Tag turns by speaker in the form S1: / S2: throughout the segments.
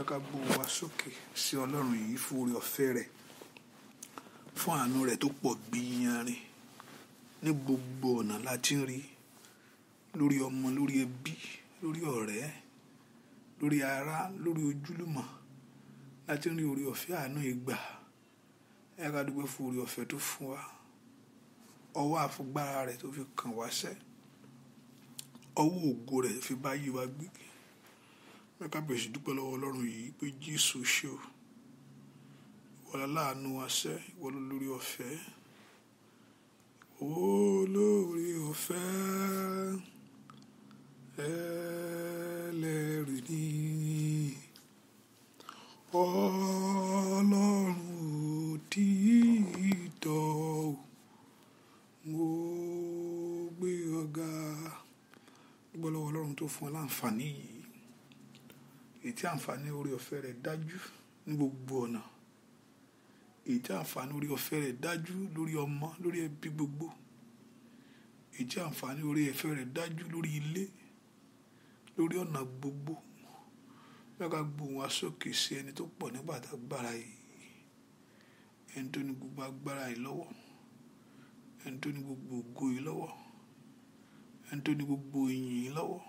S1: jẹ́ ká gbóhùn wa sókè sí ọlọ́run yìí fún oore ọ̀fẹ́ rẹ̀ fún àánú rẹ̀ tó pọ̀ gbìyànrin ní gbogbo ọ̀nà láti ń rí lórí ọmọ lórí ẹbí lórí ọ̀rẹ́ lórí ará lórí ojúlùmọ̀ láti ń rí oore ọ̀fẹ́ àánú ìgbà ẹ ká dúpẹ́ fún oore ọ̀fẹ́ tó fún wa ọwọ́ àfọgbára rẹ̀ tó fi kàn wá sẹ́ ọwọ́ ògo rẹ̀ fi bá yí wa gbígbé mẹ́ka bẹ̀rẹ̀ sí dúpẹ́ lọ́wọ́ ọlọ́run yìí pé jésù ṣe o ìwọ láàánú asẹ́ ìwọ lórí ọ̀fẹ́ olórí ọ̀fẹ́ ẹlẹ́rìí ni ọlọ́run òtítọ́ mo gbé ọ̀gá dúpẹ́ lọ́wọ́ ọlọ́run tó fún ọ láǹfààní yìí èyí tí àǹfààní orí ọ̀fẹ́ rẹ̀ dájú ní gbogbo ọ̀nà èyí tí àǹfààní orí ọ̀fẹ́ rẹ̀ dájú lórí ọmọ lórí ẹbí gbogbo èyí tí àǹfààní orí ọ̀fẹ́ rẹ̀ dájú lórí ilé lórí ọ̀nà gbogbo lọ́ka gbóhùn wa sókè sí ẹni tó pọ̀ nígbà tá gbára yìí ẹni tó ní gbogbo agbára yìí lọ́wọ́ ẹni tó ní gbogbo ògo yìí lọ́wọ́ ẹni tó ní gbogbo ìyìn yìí lọ́wọ́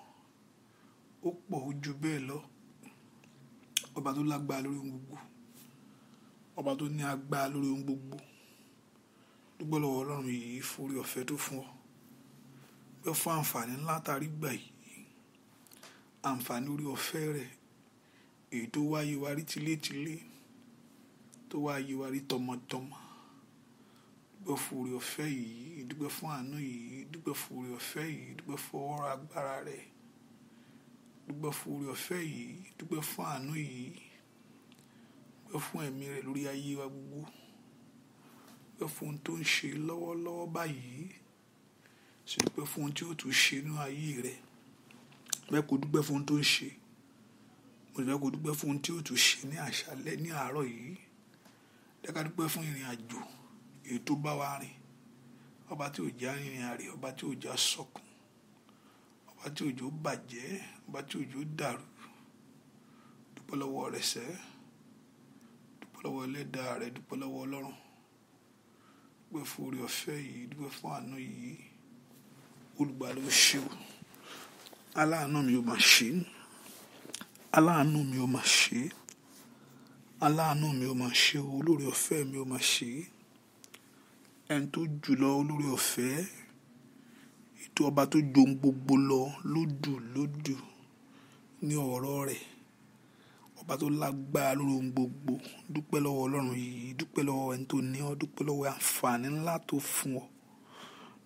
S1: ó pọ̀ ó bẹ́ẹ̀ lọ ọba tó lágbára lórí ohun gbogbo ọba tó ní agbára lórí ohun gbogbo dúpẹ́ lọ́wọ́ ọlọ́run yìí forí ọ̀fẹ́ tó fún ọ bí fún àǹfààní ńlá gbà yìí àǹfààní orí ọ̀fẹ́ rẹ̀ èyí tó wáyé wa rí tilétilé tó wáyé wa rí tọmọtọmọ dúpẹ́ fún orí ọ̀fẹ́ yìí dúpẹ́ fún àánú yìí dúpẹ́ fún orí ọ̀fẹ́ yìí dúpẹ́ fún ọwọ́ agbára rẹ̀ dúpẹ́ fún oore ọ̀fẹ́ yìí dúpẹ́ fún àánú yìí dúpẹ́ fún ẹ̀mí rẹ̀ lórí ayé wa gbogbo dúpẹ́ fún ohun tó ń ṣe lọ́wọ́lọ́wọ́ báyìí sì dúpẹ́ fún ohun tí ó tún ṣe nínú ayé rẹ̀ bẹ́ẹ̀ kó dúpẹ́ fún ohun tó ń ṣe mo sì fẹ́ kó dúpẹ́ fún ohun tí ó tún ṣe ní àṣálẹ́ ní àárọ̀ yìí dẹ́ka dúpẹ́ fún ìrìn àjò èyí tó bá wa rìn ọba tí ò já rìnrìn àrè ọba tí ò já sọkún ọba tí òjò bàjẹ́ ìgbà tí òjò dàrú dúpẹ́ lọ́wọ́ rẹ̀ sẹ́ dúpẹ́ lọ́wọ́ ẹlẹ́dàá rẹ̀ dúpẹ́ lọ́wọ́ ọlọ́run dúpẹ́ fún orí ọ̀fẹ́ yìí dúpẹ́ fún àánú yìí olùgbà ló aláàánú mi ò mà ṣe aláàánú mi ò mà ṣe aláàánú mi ò mà ṣe olórí ọ̀fẹ́ mi ò mà ṣe ẹni tó jùlọ olórí ọ̀fẹ́ ètò ọba tó jòun gbogbo lọ lódù lódù ní ọ̀rọ̀ rẹ̀ ọba tó lágbára lórí ohun gbogbo dúpẹ́ lọ́wọ́ ọlọ́run yìí dúpẹ́ lọ́wọ́ ẹni tó ní ọ dúpẹ́ lọ́wọ́ àǹfààní ńlá tó fún ọ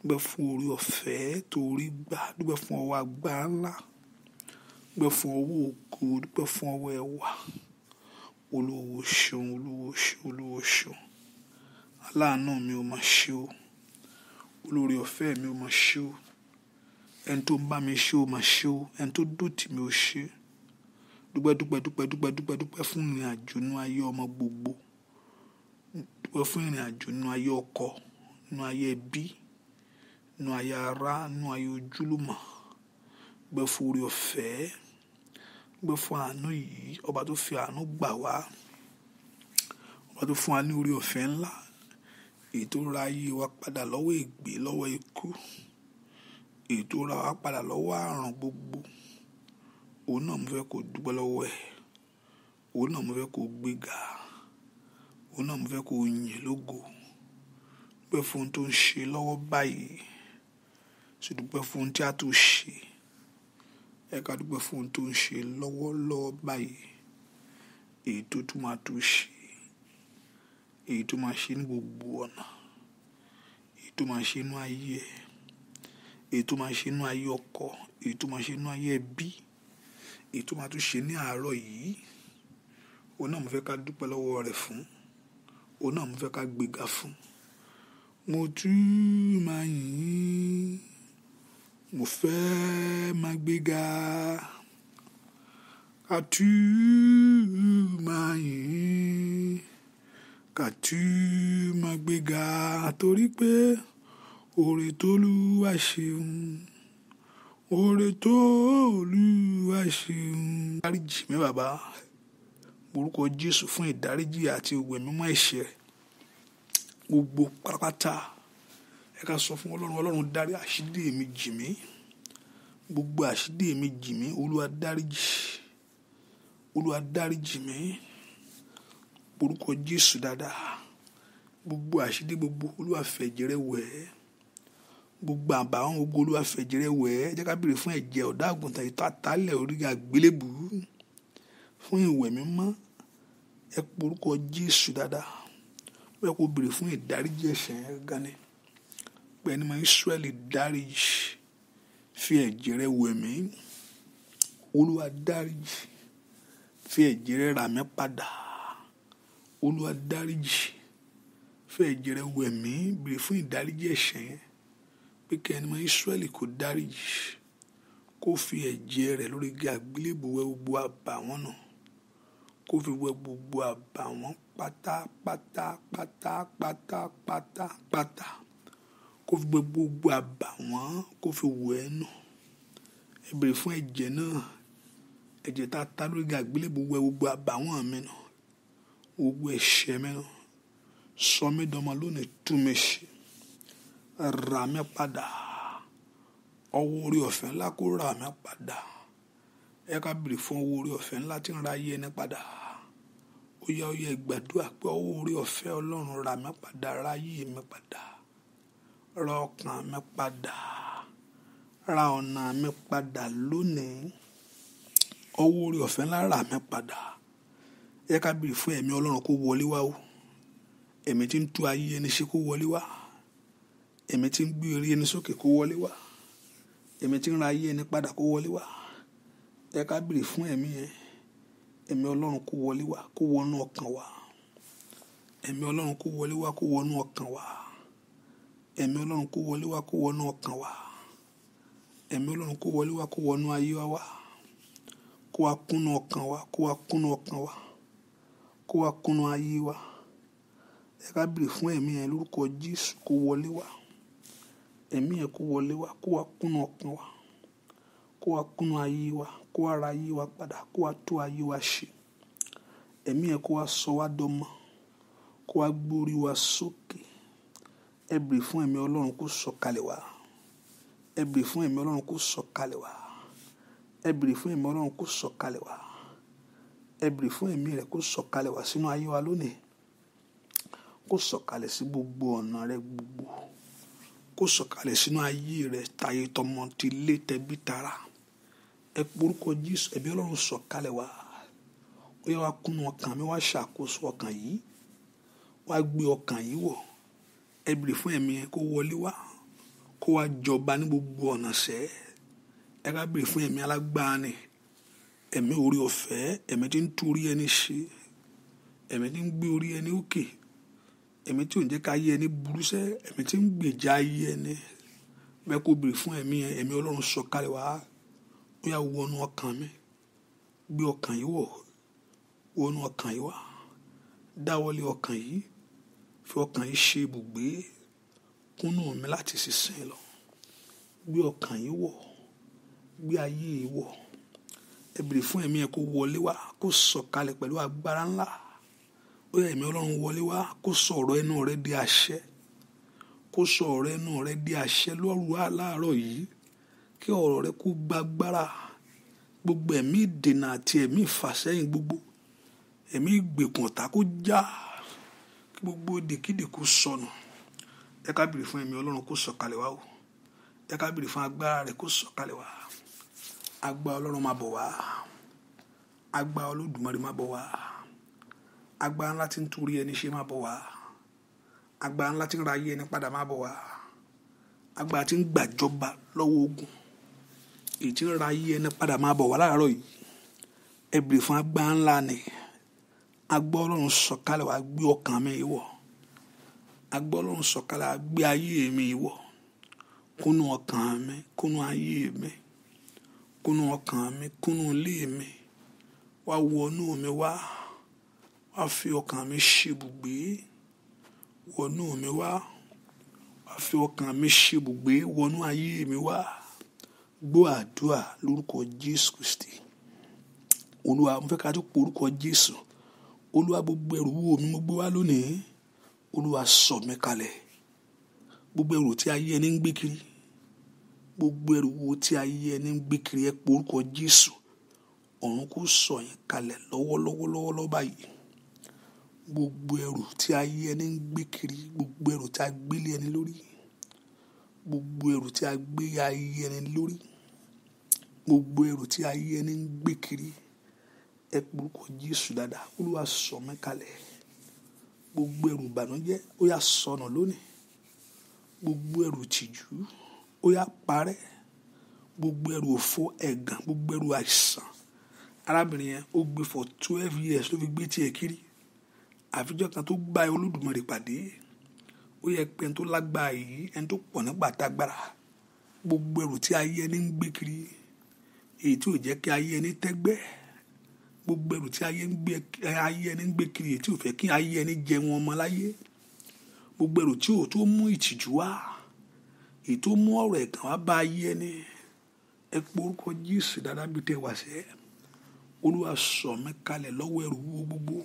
S1: dúpẹ́ fún orí ọ̀fẹ́ tó rí gbà dúpẹ́ fún ọwọ́ agbára ńlá dúpẹ́ fún ọwọ́ ògo dúpẹ́ fún ọwọ́ ẹwà olówó ṣeun olówó ṣeun olówó ṣeun aláàánú mi ò mà ṣe o olórí ọ̀fẹ́ mi ò mà ṣe o ẹni tó ń bá mi ṣe ó máa ṣe ó ẹni tó dòtì mi ó ṣe dúpẹ́ dúpẹ́ dúpẹ́ dúpẹ́ dúpẹ́ dúpẹ́ fún ìrìn àjò inú ayé ọmọ gbogbo dúpẹ́ fún ìrìn àjò inú ayé ọkọ inú ayé ẹbí inú ayé ará inú ayé ojúlùmọ̀ dúpẹ́ fún orí ọ̀fẹ́ dúpẹ́ fún àánú yìí ọba tó fi àánú gbà wá ọba tó fún wa ní orí ọ̀fẹ́ ńlá èyí tó ra ayé wa padà lọ́wọ́ ègbé lọ́wọ́ ikú ètò ra wa padà lọ́wọ́ àrùn gbogbo òun náà mo fẹ́ kó dúpẹ́ lọ́wọ́ ẹ̀ òun náà mo fẹ́ kó gbéga òun náà mo fẹ́ kó yìn lógo dúpẹ́ fún ohun tó ń ṣe lọ́wọ́ báyìí sì dúpẹ́ fún ohun tí a tó ṣe ẹ dúpẹ́ fún ohun tó ń ṣe lọ́wọ́lọ́wọ́ báyìí èyí tó tún máa tó ṣe èyí tó máa ṣe ní gbogbo ọ̀nà èyí tó máa ṣe inú ayé ẹ̀ èyí tó máa ṣe inú ayé ọkọ èyí tó máa ṣe inú ayé ẹbí èyí tó máa tún ṣe ní àárọ̀ yìí òun náà mo fẹ́ ká dúpẹ́ lọ́wọ́ rẹ̀ fún òun náà mo fẹ́ ká gbéga fún mo tún máa yìn mo fẹ́ máa gbéga ká tún máa yìn ká tún máa gbéga torí pé. Oore t'Olúwa ṣeun. Oore t'Olúwa ṣeun. Dáríjì mi bàbá. Orúkọ Jésù fún ìdáríjì àti ìwẹ̀ mímọ́ ẹ̀ṣẹ̀. Gbogbo pátápátá. Ẹ ká sọ fún Ọlọ́run, Ọlọ́run dárí àṣídé mi jì mí. Gbogbo àṣídé mi jì mí. Olúwa dáríjì. Olúwa dáríjì mi. Orúkọ Jésù dáadáa. Gbogbo àṣídé gbogbo Olúwa fẹ̀jẹ̀ rẹ wẹ̀ gbogbo àbàwọn ogun olúwa fẹ̀jẹ̀rẹ̀ wẹ̀ ẹ́ jẹ́ ká béèrè fún ẹ̀jẹ̀ ọ̀dọ́ àgùntàn ìtọ́ àtàlẹ̀ oríga àgbélébù fún ìwẹ̀ mímọ́ ẹ porúkọ jésù dáadáa bẹ́ẹ̀ kó béèrè fún ìdáríjì ẹ̀ṣẹ̀ yẹn gan ni pẹ̀lú ọmọ ìsírẹ́lì dáríjì fi ẹ̀jẹ̀ rẹ̀ wẹ̀ mí olúwa dáríjì fi ẹ̀jẹ̀ rẹ̀ rà mí padà olúwa dáríjì fi ẹ̀jẹ̀ rẹ̀ wẹ̀ mí béèrè fún ìdáríjì ẹ̀ṣẹ̀ yẹn pé kí ẹni mọ Ísírẹ́lì kó dáríjì kó fi ẹ̀jẹ̀ rẹ̀ lórí igi àgbélébù gbogbo àbàwọ́n náà kó fi wẹ gbogbo àbàwọ́n pátápátápátápátápátá kó fi wẹ gbogbo àbàwọ́n kó fi wẹ̀ ẹ́ nù fún ẹ̀jẹ̀ náà ẹ̀jẹ̀ tá a ta lórí igi àgbélébù gbogbo àbàwọ́n mi nù gbogbo ẹ̀ṣẹ̀ mi nù sọ lónìí tú rà mí padà ọwọ́ orí ọ̀fẹ́ ńlá kó rà mí padà ẹ ká bèrè fún ọwọ́ orí ọ̀fẹ́ ńlá tí ń ra ayé ẹni padà ó yá ó yá ìgbàdúrà pé ọwọ́ orí ọ̀fẹ́ ọlọ́run rà mí padà ra ayé mi padà ra ọkàn mi padà ra ọ̀nà mi padà lónìí ọwọ́ orí ọ̀fẹ́ ńlá rà mí padà ẹ ká bèrè fún ẹ̀mí ọlọ́run kó wọlé wá o ẹ̀mí tí ń tú ayé ẹni ṣe kó wọlé wá èmi tí ń gbé orí ẹni sókè kó wọlé wá èmi tí ń ra ayé ẹni padà kó wọlé wá ẹ ká bèrè fún ẹ̀mí yẹn ẹ̀mí ọlọ́run kó wọlé wá kó wọnú ọkàn wa ẹ̀mí ọlọ́run kó wọlé wá kó wọnú ọkàn wa ẹ̀mí ọlọ́run kó wọlé wá kó wọnú ọkàn wa ẹ̀mí ọlọ́run kó wọlé wá kó wọnú ayé wa kó wa kúnnú ọkàn wa kó wa kúnnú ọkàn wa kó wa kúnnú ayé wa ẹ ká bèrè fún ẹ̀mí yẹn lórúkọ Jésù kó wọlé wá ẹ̀mí ẹ̀ kó wọlé wa kó wa kúnú ọkàn wa kó wa kúnú ayé wa kó wa ra ayé wa padà kó wa tó ayé wa ṣe ẹ̀mí ẹ̀ kó wa sọ wá dọmọ kó wa gbórí wa sókè ẹ fún ẹ̀mí ọlọ́run kó sọ̀kalẹ̀ wá ẹ fún ẹ̀mí ọlọ́run kó sọ̀kalẹ̀ wá ẹ fún ẹ̀mí ọlọ́run kó sọ̀kalẹ̀ wá ẹ fún ẹ̀mí rẹ̀ kó sọ̀kalẹ̀ wá sínú ayé wa lónìí kó sọ̀kalẹ̀ sí gbogbo ọ̀nà rẹ gbogbo kó sọ̀kalẹ̀ sínú ayé rẹ tayé tọmọ ti lé tẹbí tara ẹ porúkọ jésù ẹ̀mí ọlọ́run sọ̀kalẹ̀ wá ó yẹ wá kúnnú ọkàn mi wá ṣàkóso ọkàn yìí wá gbé ọkàn yìí wọ̀ ẹ bèrè fún ẹ̀mí yẹn kó wọlé wá kó wá jọba ní gbogbo ọ̀nà sẹ́ ẹ ká bèrè fún ẹ̀mí alágbáni ẹ̀mí orí ọ̀fẹ́ ẹ̀mí tí ń tú orí ẹni ṣe ẹ̀mí tí ń gbé orí ẹni òkè ẹ̀mí tí ò ń jẹ́ ká yé ẹni burú sẹ́ ẹ̀mí tí ń gbèjà ayé ẹni bẹ́ẹ̀ kó béèrè fún ẹ̀mí yẹn ẹ̀mí ọlọ́run sọ̀kalẹ̀ wá ó yà wọnú ọkàn mi gbé ọkàn yìí wọ̀ wọnú ọkàn yìí wá dáwọ́lé ọkàn yìí fi ọkàn yìí ṣe ibùgbé kúnnú mi láti sísìn lọ gbé ọkàn yìí wọ̀ gbé ayé yìí wọ̀ ẹ béèrè fún ẹ̀mí yẹn kó wọlé wá kó sọ̀kalẹ̀ pẹ̀lú agbára ńlá ó yẹ ẹ̀mí ọlọ́run wọlé wá kó sọ̀rọ̀ ẹnu rẹ di àṣẹ kó sọ̀rọ̀ ẹnu rẹ di àṣẹ lọ́rùú aláàárọ̀ yìí kí ọ̀rọ̀ rẹ kó gbàgbára gbogbo ẹ̀mí ìdènà àti ẹ̀mí ìfàsẹ́yìn gbogbo ẹ̀mí ìgbèkùn ọ̀tá kó já kí gbogbo dìkídì kó sọnù ẹ ká bèrè fún ẹ̀mí ọlọ́run kó sọ̀kalẹ̀ wá o ẹ ká bèrè fún agbára rẹ kó sọ̀kalẹ̀ wá agbára ọlọ́run máa bọ̀ wá agbára olódùmarè máa bọ̀ wá agbára ńlá tí ń torí ẹni ṣe máa bọ̀ wá agbára ńlá tí ń ra ayé ẹni padà máa bọ̀ wá agbára tí ń gbàjọba lọ́wọ́ ogun èyí tí ń ra ayé ẹni padà máa bọ̀ wá láàárọ̀ yìí ẹ fún agbára ńlá ni agbọ́ ọlọ́run sọ̀kalẹ̀ wá gbé ọkàn mi wọ̀ agbọ́ ọlọ́run sọ̀kalẹ̀ wá gbé ayé mi wọ̀ kúnú ọkàn mi kúnú ayé mi kúnú ọkàn mi kúnú ilé mi wá wọnú mi wá. Wa wàá fi ọkàn mi ṣebùgbé wọnú mi wá wàá fi ọkàn mi ṣebùgbé wọnú ayé mi wá gbọ́ àdúrà lórúkọ Jésù Kristi olúwa mo fẹ́ ká tó pọ̀ orúkọ Jésù olúwa gbogbo ẹrù wúwo mi mo gbé wá lónìí olúwa sọ̀ mí kalẹ̀ gbogbo ẹrù tí ayé ẹni ń gbé kiri gbogbo ẹrù wo tí ayé ẹni ń gbé kiri ẹ pé Jésù ọ̀run kò sọ̀ yín kalẹ̀ lọ́wọ́lọ́wọ́ báyìí gbogbo ẹrù tí ayé ẹni ń gbé kiri gbogbo ẹrù tí a gbé lé ẹni lórí gbogbo ẹrù tí a gbé ayé ẹni lórí gbogbo ẹrù tí ayé ẹni ń gbé kiri ẹ porúkọ Jésù dáadáa Olúwa sọ mí kalẹ̀ gbogbo ẹrù ìbànújẹ́ ó yá sọnù lónìí gbogbo ẹrù tìjú ó yá parẹ́ gbogbo ẹrù òfo ẹ̀gàn gbogbo ẹrù àìsàn arábìnrin yẹn ó gbé for twelve years ló fi gbé tiẹ̀ kiri àfijọ́ kan tó gba olódùmarè pàdé ó yẹ pé ẹni tó lágbára yìí ẹni tó pọ̀ nípa tágbára gbogbo ẹrù tí ayé ẹni ń gbé kiri èyí tí ò jẹ́ kí ayé ẹni tẹ́gbẹ́ gbogbo ẹrù tí ayé ẹni ń gbé kiri èyí tí ò fẹ́ kí ayé ẹni jẹ ọmọ láyé gbogbo èrò tí ò tó mú ìtìjú wá èyí tó mú ọ̀rọ̀ ẹ̀gàn wá bá ayé ẹni ẹ pé orúkọ Jésù dáadáa bíi tẹ wá Olúwa sọ̀ mí kalẹ̀ ẹrù wúwo gbogbo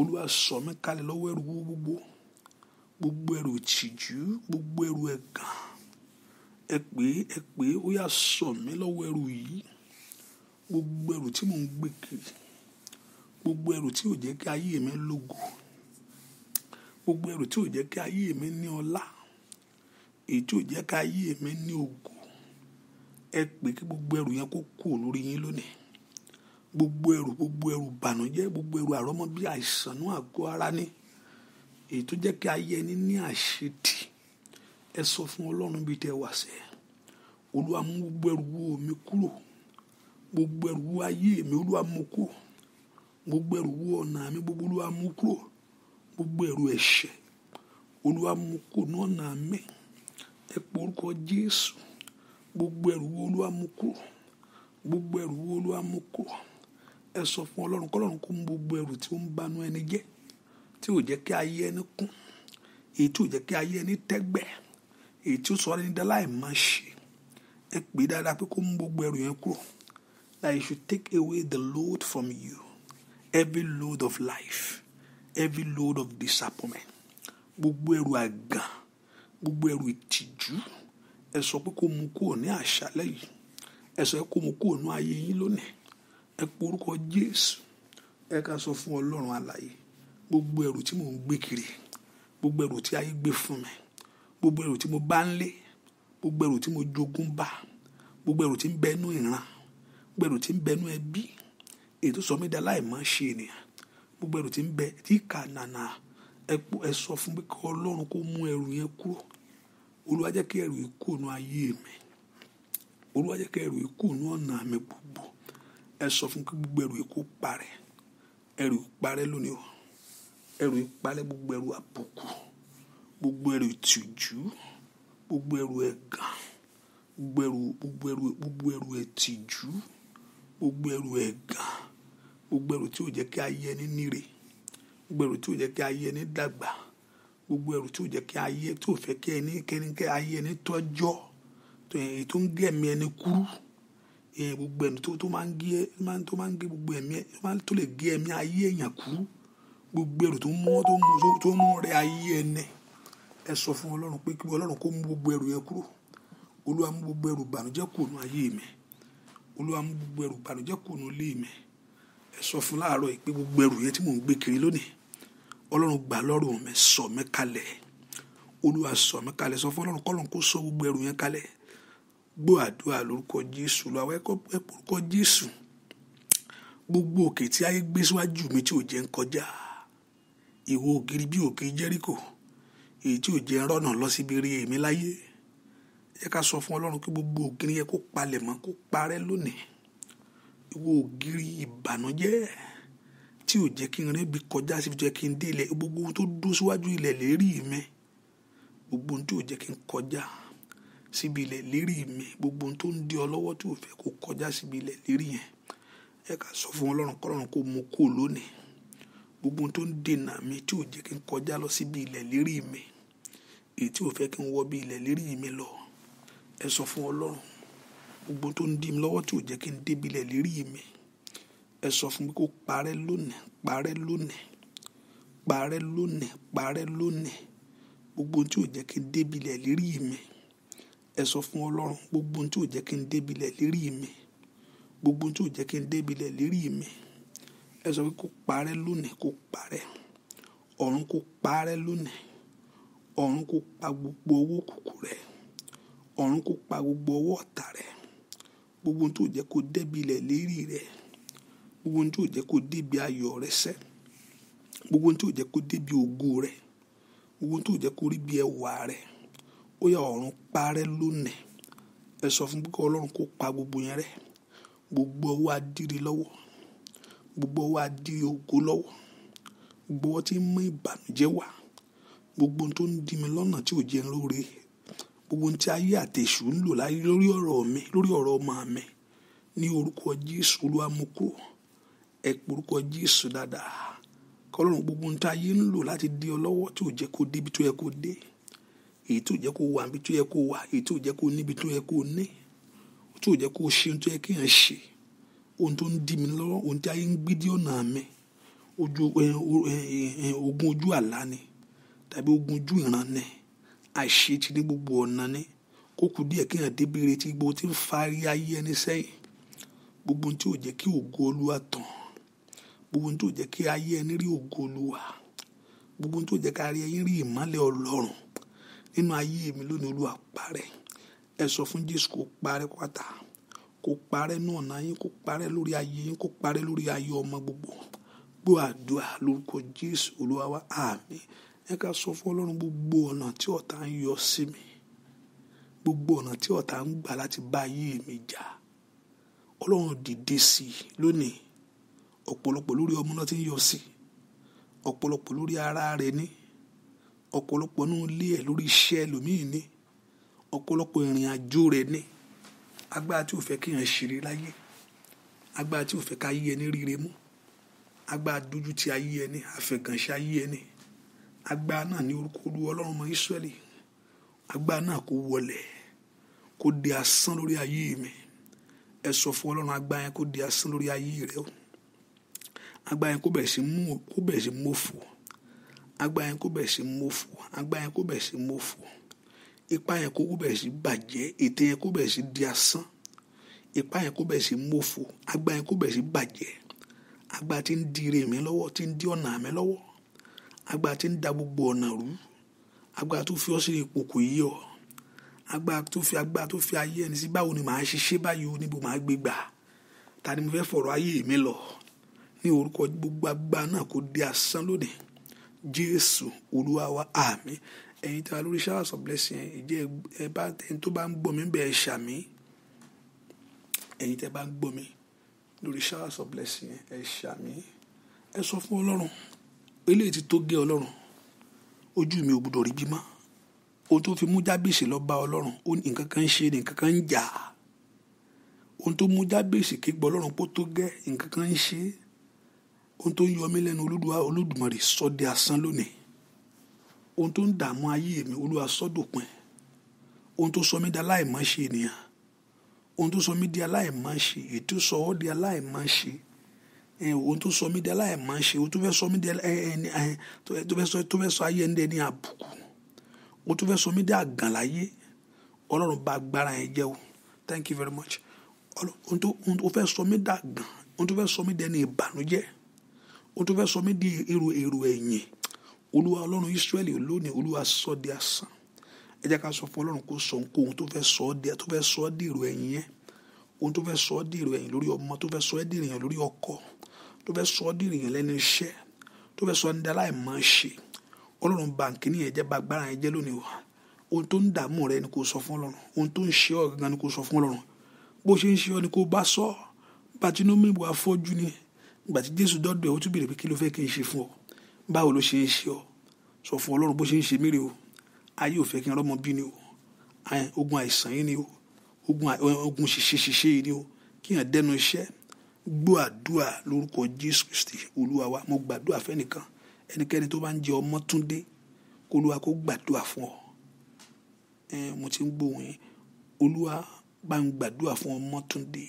S1: olúwa sọ mí kalẹ̀ lọ́wọ́ ẹrù gbogbo gbogbo ẹrù tìjú gbogbo ẹrù ẹ̀gàn ẹ pé ẹ pé ó yá sọ mí lọ́wọ́ ẹrù yìí gbogbo ẹrù tí mò ń gbé kiri gbogbo ẹrù tí ò jẹ́ kí ayé mi lógo gbogbo ẹrù tí ò jẹ́ kí ayé mi ní ọlá èyí tí ò jẹ́ kí ayé mi ní ògo ẹ pé kí gbogbo ẹrù yẹn kó kúrò lórí yín lónìí gbogbo ẹrù gbogbo ẹrù bànújẹ́ gbogbo ẹrù àrọ́mọ bí àìsàn ní àgọ́ ara ni èyí tó jẹ́ kí ayé ẹni ní àṣetì ẹ sọ fún ọlọ́run bíi tẹ wà sẹ́ olúwa mú gbogbo ẹrù wo mi kúrò gbogbo ẹrù wo ayé mi olúwa mú kúrò gbogbo ẹrù wo ọ̀nà mi gbogbo olúwa mú kúrò gbogbo ẹrù ẹ̀ṣẹ̀ olúwa mú kúrò ní ọ̀nà mi ẹ pọ orúkọ jésù gbogbo ẹrù wo olúwa mú kúrò gbogbo ẹrù wo olúwa mú kúrò ẹ sọ fún ọlọ́run kọ́lọ́run kó mú gbogbo ẹrù tí ó ń banú ẹni jẹ́ tí ò jẹ́ kí ayé ẹni kún èyí tí ò jẹ́ kí ayé ẹni tẹ́gbẹ́ èyí tí ó sọ ẹni dá láì má ṣe ẹ pè dáadáa pé kó mú gbogbo ẹrù yẹn kúrò that you should take away the load from you every load of life every load of disappointment gbogbo ẹrù àgàn gbogbo ẹrù ìtìjú ẹ sọ pé kó mú kúrò ní àṣálẹ́ yìí ẹ sọ pé kó mú kúrò ní ayé yín lónìí ẹ porúkọ jésù ẹ ká sọ fún ọlọ́run alààyè gbogbo ẹrù tí mò ń gbé kiri gbogbo ẹrù tí ayé gbé fún mi gbogbo ẹrù tí mo bá ń lé gbogbo ẹrù tí mo jogún bá gbogbo ẹrù tí ń bẹnu ìran gbogbo ẹrù tí ń bẹnu ẹbí èyí tó sọ mí dá láì máa ṣe ènìyàn gbogbo ẹrù tí ń bẹ tí kà nànà ẹ sọ fún mi kí ọlọ́run kó mú ẹrù yẹn kúrò olúwa jẹ́ kí ẹrù yìí kúrò nú ayé mi olúwa jẹ́ kí ẹrù yìí kúrò nú ọ̀nà mi gbò ẹ sọ fún kí gbogbo ẹrù ikú parẹ́ ẹrù parẹ́ lónìí o ẹrù ìparẹ́ gbogbo ẹrù àbùkù gbogbo ẹrù ìtìjú gbogbo ẹrù ẹ̀gàn gbogbo ẹrù gbogbo ẹrù gbogbo ẹrù ìtìjú gbogbo ẹrù ẹ̀gàn gbogbo ẹrù tí ò jẹ́ kí ayé ẹni níre gbogbo ẹrù tí ò jẹ́ kí ayé ẹni dàgbà gbogbo ẹrù tí ò jẹ́ kí ayé tí ò fẹ́ kí ẹni kí ayé ẹni tọ́jọ́ tó ń gẹ̀mí ẹni kúrú gbogbo ẹ̀mí tó máa ń gé tó máa ń gé gbogbo ẹ̀mí tó lè gé ẹ̀mí ayé èèyàn kú gbogbo ẹrù tó mú tó mú rẹ ayé ẹnẹ ẹ sọ fún ọlọ́run pé kí ọlọ́run kó mú gbogbo ẹrù yẹn kúrò olúwa mú gbogbo ẹrù bànújẹ́ kúrò nù ayé mi olúwa mú gbogbo ẹrù bànújẹ́ kúrò nù ilé mi ẹ sọ fún láàárọ̀ yìí pé gbogbo ẹrù yẹn tí mò ń gbé kiri lónìí ọlọ́run gbà lọ́rùn mi sọ mí kalẹ̀ olúwa sọ mí kalẹ̀ sọ fún ọlọ́run kọ́lọ́run kó sọ gbogbo ẹrù yẹn kalẹ̀ gbọ́ àdúrà lórúkọ jésù lọ àwọn ẹ̀kọ́ orúkọ jésù gbogbo òkè tí ayé gbé síwájú mi tí ò jẹ́ ń kọjá ìwọ ògiri bí òkè jẹ́ríkò èyí tí ò jẹ́ rọ́nà lọ síbi rí èmi láyé ẹ ká sọ fún ọlọ́run pé gbogbo ògiri yẹ kó palẹ̀ mọ́ kó parẹ́ lónìí ìwọ ògiri ìbànújẹ́ tí ò jẹ́ kí n rébi kọjá síbi tó yẹ kí n dé ilẹ̀ gbogbo tó dúró síwájú ilẹ̀ lérí mi gbogbo ohun tí ò jẹ́ kí n kọjá síbi ilẹ̀ lérí mi gbogbo ohun tó ń di ọ lọ́wọ́ tí ò fẹ́ kó kọjá síbi ilẹ̀ lérí yẹn ẹ ká sọ fún ọlọ́run kọ́lọ́run kó mú kó lónìí gbogbo ohun tó ń dènà mi tí ò jẹ́ kí n kọjá lọ síbi ilẹ̀ lérí mi èyí tí ò fẹ́ kí n wọ bí ilẹ̀ lérí mi lọ ẹ sọ fún ọlọ́run gbogbo ohun tó ń di mi lọ́wọ́ tí ò jẹ́ kí n débi ilẹ̀ lérí mi ẹ sọ fún mi kó parẹ́ lónìí parẹ́ lónìí parẹ́ lónìí parẹ́ lónìí gbogbo ohun tí ò jẹ́ kí n débi ilẹ̀ lérí mi ẹ sọ fún ọlọ́run gbogbo ohun tí ò jẹ́ kí n débilẹ̀ lérí mi gbogbo ohun tí ò jẹ́ kí n débilẹ̀ lérí mi ẹ sọ pé kó parẹ́ lónìí kó parẹ́ ọ̀run kó parẹ́ lónìí ọ̀run kó pa gbogbo owó kùkù rẹ̀ ọ̀run kó pa gbogbo owó ọ̀tá rẹ̀ gbogbo tí ò jẹ́ kó débilẹ̀ lérí rẹ̀ gbogbo tí ò jẹ́ kó débi ayọ̀ rẹ̀ sẹ́ gbogbo tí ò jẹ́ kó débi ògo rẹ̀ gbogbo tí ò jẹ́ kó rí bí ẹwà rẹ̀ ó yá ọ̀run parẹ́ lónìí ẹ sọ fún pé ọlọ́run kó pa gbogbo yẹn rẹ́ gbogbo ọwọ́ adíre lọ́wọ́ gbogbo ọwọ́ adíre ògo lọ́wọ́ gbogbo ọwọ́ tí ń mú ìbànújẹ́ wá gbogbo ohun tó ń di mi lọ́nà tí ò jẹ́ lóore gbogbo ohun tí ayé àtẹ̀sù ń lò láyé lórí ọ̀rọ̀ mi lórí ọ̀rọ̀ ọmọ mi ní orúkọ Jésù Olúwa mú kúrò ẹ pé orúkọ Jésù dáadáa kọlọ́run gbogbo ohun tí ayé ń lò láti di ọ lọ́wọ́ tí ò jẹ́ kó débi tó yẹ kó dé èyí tó jẹ́ kó wà níbi tó yẹ kó wà èyí tó jẹ́ kó níbi tó yẹ kó ní tó jẹ́ kó ṣe ohun tó yẹ kí n ṣe ohun tó ń dì mí lọ́wọ́ ohun tí ayé ń gbídí ọ̀nà mi ojú ogun ojú àlá ni tàbí ogun ojú ìran ni àṣetì ní gbogbo ọ̀nà ni kó díẹ̀ kí n débi retí gbogbo tí ń fari ayé ẹni sẹ́yìn gbogbo ohun tí ò jẹ́ kí ògo olúwa tàn gbogbo ohun tí ò jẹ́ kí ayé ẹni rí ògo olúwa gbogbo ohun tí ò jẹ́ kí ayé ẹni rí ìmọ́lẹ̀ ọlọ́run nínú ayé mi lónìí olúwa parẹ́ ẹ sọ fún jésù kó parẹ́ pátá kó parẹ́ ní ọ̀nà yín kó parẹ́ lórí ayé yín kó parẹ́ lórí ayé ọmọ gbogbo gbọ́ àdúrà lórúkọ jésù olúwa wa àmín ẹ ká sọ fún ọlọ́run gbogbo ọ̀nà tí ọ̀tá ń yọ sí mi gbogbo ọ̀nà tí ọ̀tá ń gbà láti bá ayé mi jà ọlọ́run dìde sí i lónìí ọ̀pọ̀lọpọ̀ lórí ọmọ náà ti ń yọ sí i ọ̀pọ̀lọpọ̀ lórí ara rẹ̀ ní ọ̀pọ̀lọpọ̀ nínú ilé ẹ̀ lórí iṣẹ́ ẹlòmíì ni ọ̀pọ̀lọpọ̀ ìrìn àjò rẹ̀ ni agbára tí ò fẹ́ kéèyàn ṣeré láyé agbára tí ò fẹ́ káyé ẹni ríre mú agbára dójú ti ayé ẹni àfẹ̀gànṣe ayé ẹni agbára náà ní orúkọ olú ọlọ́run ọmọ Ísírẹ́lì agbára náà kó wọlé kó di asán lórí ayé mi ẹ sọ fún ọlọ́run agbára yẹn kó di asán lórí ayé rẹ o agbára yẹn kó bẹ̀rẹ̀ sí mú òfò agbára yẹn kó bẹ̀rẹ̀ sí mọ́fù agbára yẹn kó bẹ̀rẹ̀ sí mọ́fù ipá yẹn kó bẹ̀rẹ̀ sí bàjẹ́ ètè yẹn kó bẹ̀rẹ̀ sí di asán ipá yẹn kó bẹ̀rẹ̀ sí mọ́fù agbára yẹn kó bẹ̀rẹ̀ sí bàjẹ́ agbára tí ń di ire mi lọ́wọ́ tí ń di ọ̀nà mi lọ́wọ́ agbára tí ń da gbogbo ọ̀nà rú agbára tó fi ọ́ sí ipò kò yí ọ agbára tó fi agbára tó fi ayé ẹni sí báwo ni màá ṣiṣẹ́ báyìí níbo màá gbé gbà ta ni mo fẹ́ fọ̀rọ̀ ayé mi lọ ní orúkọ gbogbo agbára náà kó di asán lónìí jésù olúwa wa àmín ẹ̀yin tí wà lórí showers of blessing ìjẹ́ ẹ bá ẹni tó bá ń gbọ́ mi bẹ́ẹ̀ ṣàmì ẹ̀yin tẹ́ bá ń gbọ́ mi lórí showers of blessing ẹ ṣàmì ẹ sọ fún ọlọ́run eléyìí ti tó gé ọlọ́run ojú mi ò gbọdọ̀ rí bí ohun tó fi mú jábèsè lọ bá ọlọ́run ó ní nǹkan kan ń ṣe nǹkan kan ń jà ohun tó mú jábèsè kégbọ́ ọlọ́run pó tó gẹ́ nǹkan kan ń ṣe ohun tó ń yọ mí lẹ́nu olúwa olódùmarè sọ di asán lónìí ohun tó ń dààmú ayé mi olúwa sọ dòpin ohun tó sọ mí di aláìmọ́ṣe ènìyàn ohun tó sọ mí di aláìmọ́ṣe ètò sọ ọ́ di aláìmọ́ṣe ohun tó sọ mí di aláìmọ́ṣe ohun tó fẹ́ sọ mí di tó fẹ́ sọ ayé ẹni dẹni àbùkù ohun tó fẹ́ sọ mí di àgànláyé ọlọ́run bá agbára yẹn jẹ́ o thank you very much ohun tó fẹ́ sọ mí di àgàn ohun tó fẹ́ sọ mí di ẹni ìbànújẹ́ ó tún fẹ́ sọ mí di èrò èrò ẹ̀yìn olúwa ọlọ́run Ísírẹ́lì lónìí olúwa sọ di asán ẹ jẹ́ ká sọ fún ọlọ́run kó sọ nǹkó ohun tó fẹ́ sọ ọ́ di tó fẹ́ sọ ọ́ di èrò ẹ̀yìn yẹn ohun tó fẹ́ sọ ọ́ di èrò ẹ̀yìn lórí ọmọ tó fẹ́ sọ ọ́ di èrò ẹ̀yìn lórí ọkọ tó fẹ́ sọ ọ́ di èrò ẹ̀yìn lẹ́nu iṣẹ́ tó fẹ́ sọ ọ́ ní aláìmọ̀ọ́ṣe ọlọ́run ba nkíní yẹn jẹ́ ba lónìí wa ohun tó ń dààmú rẹ ni kò sọ fún ọlọ́run ohun tó ń ṣe ọ́ gangan ni kò sọ fún ọlọ́run bó ṣe ń ṣe ọ́ ni kò bá sọ bàtínú mi wà fọ́jú ni ìgbà tí jésù dọ́dọ̀ ẹ̀ ó tún béèrè pé kí ló fẹ́ kí n ṣe fún ọ báwo ló ṣe ń ṣe ọ sọ fún ọlọ́run bó ṣe ń ṣe mí rè o ayé ò fẹ́ kí n rọ́mọ bí ni o ogun àìsàn yìí ni o ogun ṣiṣẹ́ ṣiṣẹ́ yìí ni o kí n dẹnu iṣẹ́ gbọ́ àdúrà lórúkọ jésù kristi olúwa wa mo gbàdúrà fẹ́nìkan ẹnikẹ́ni tó bá ń jẹ ọmọ túndé kólúwa kó gbàdúrà fún ọ mo ti ń gbóhùn yín olúwa bá ń gbàdúrà fún ọmọ túndé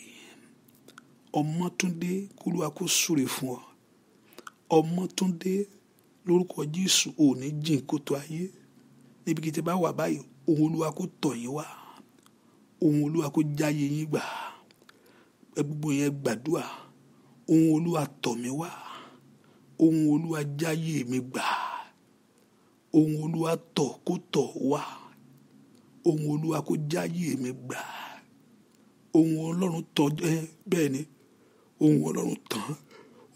S1: ọmọtúndé kólúwa kó súre fún ọ ọmọtúndé lórúkọ jésù òní jìn kótó ayé níbikíbi bá wà báyìí òun olúwa kó tọ̀ yín wá òun olúwa kó jáyé yín gbà ẹ gbogbo yẹn gbàdúrà òun olúwa tọ̀ mí wá òun olúwa jáyé mi gbà òun olúwa tọ̀ kó tọ̀ wá òun olúwa kó jáyé mi gbà òun ọlọ́run tọ́jú bẹ́ẹ̀ ni ohun ọlọ́run tán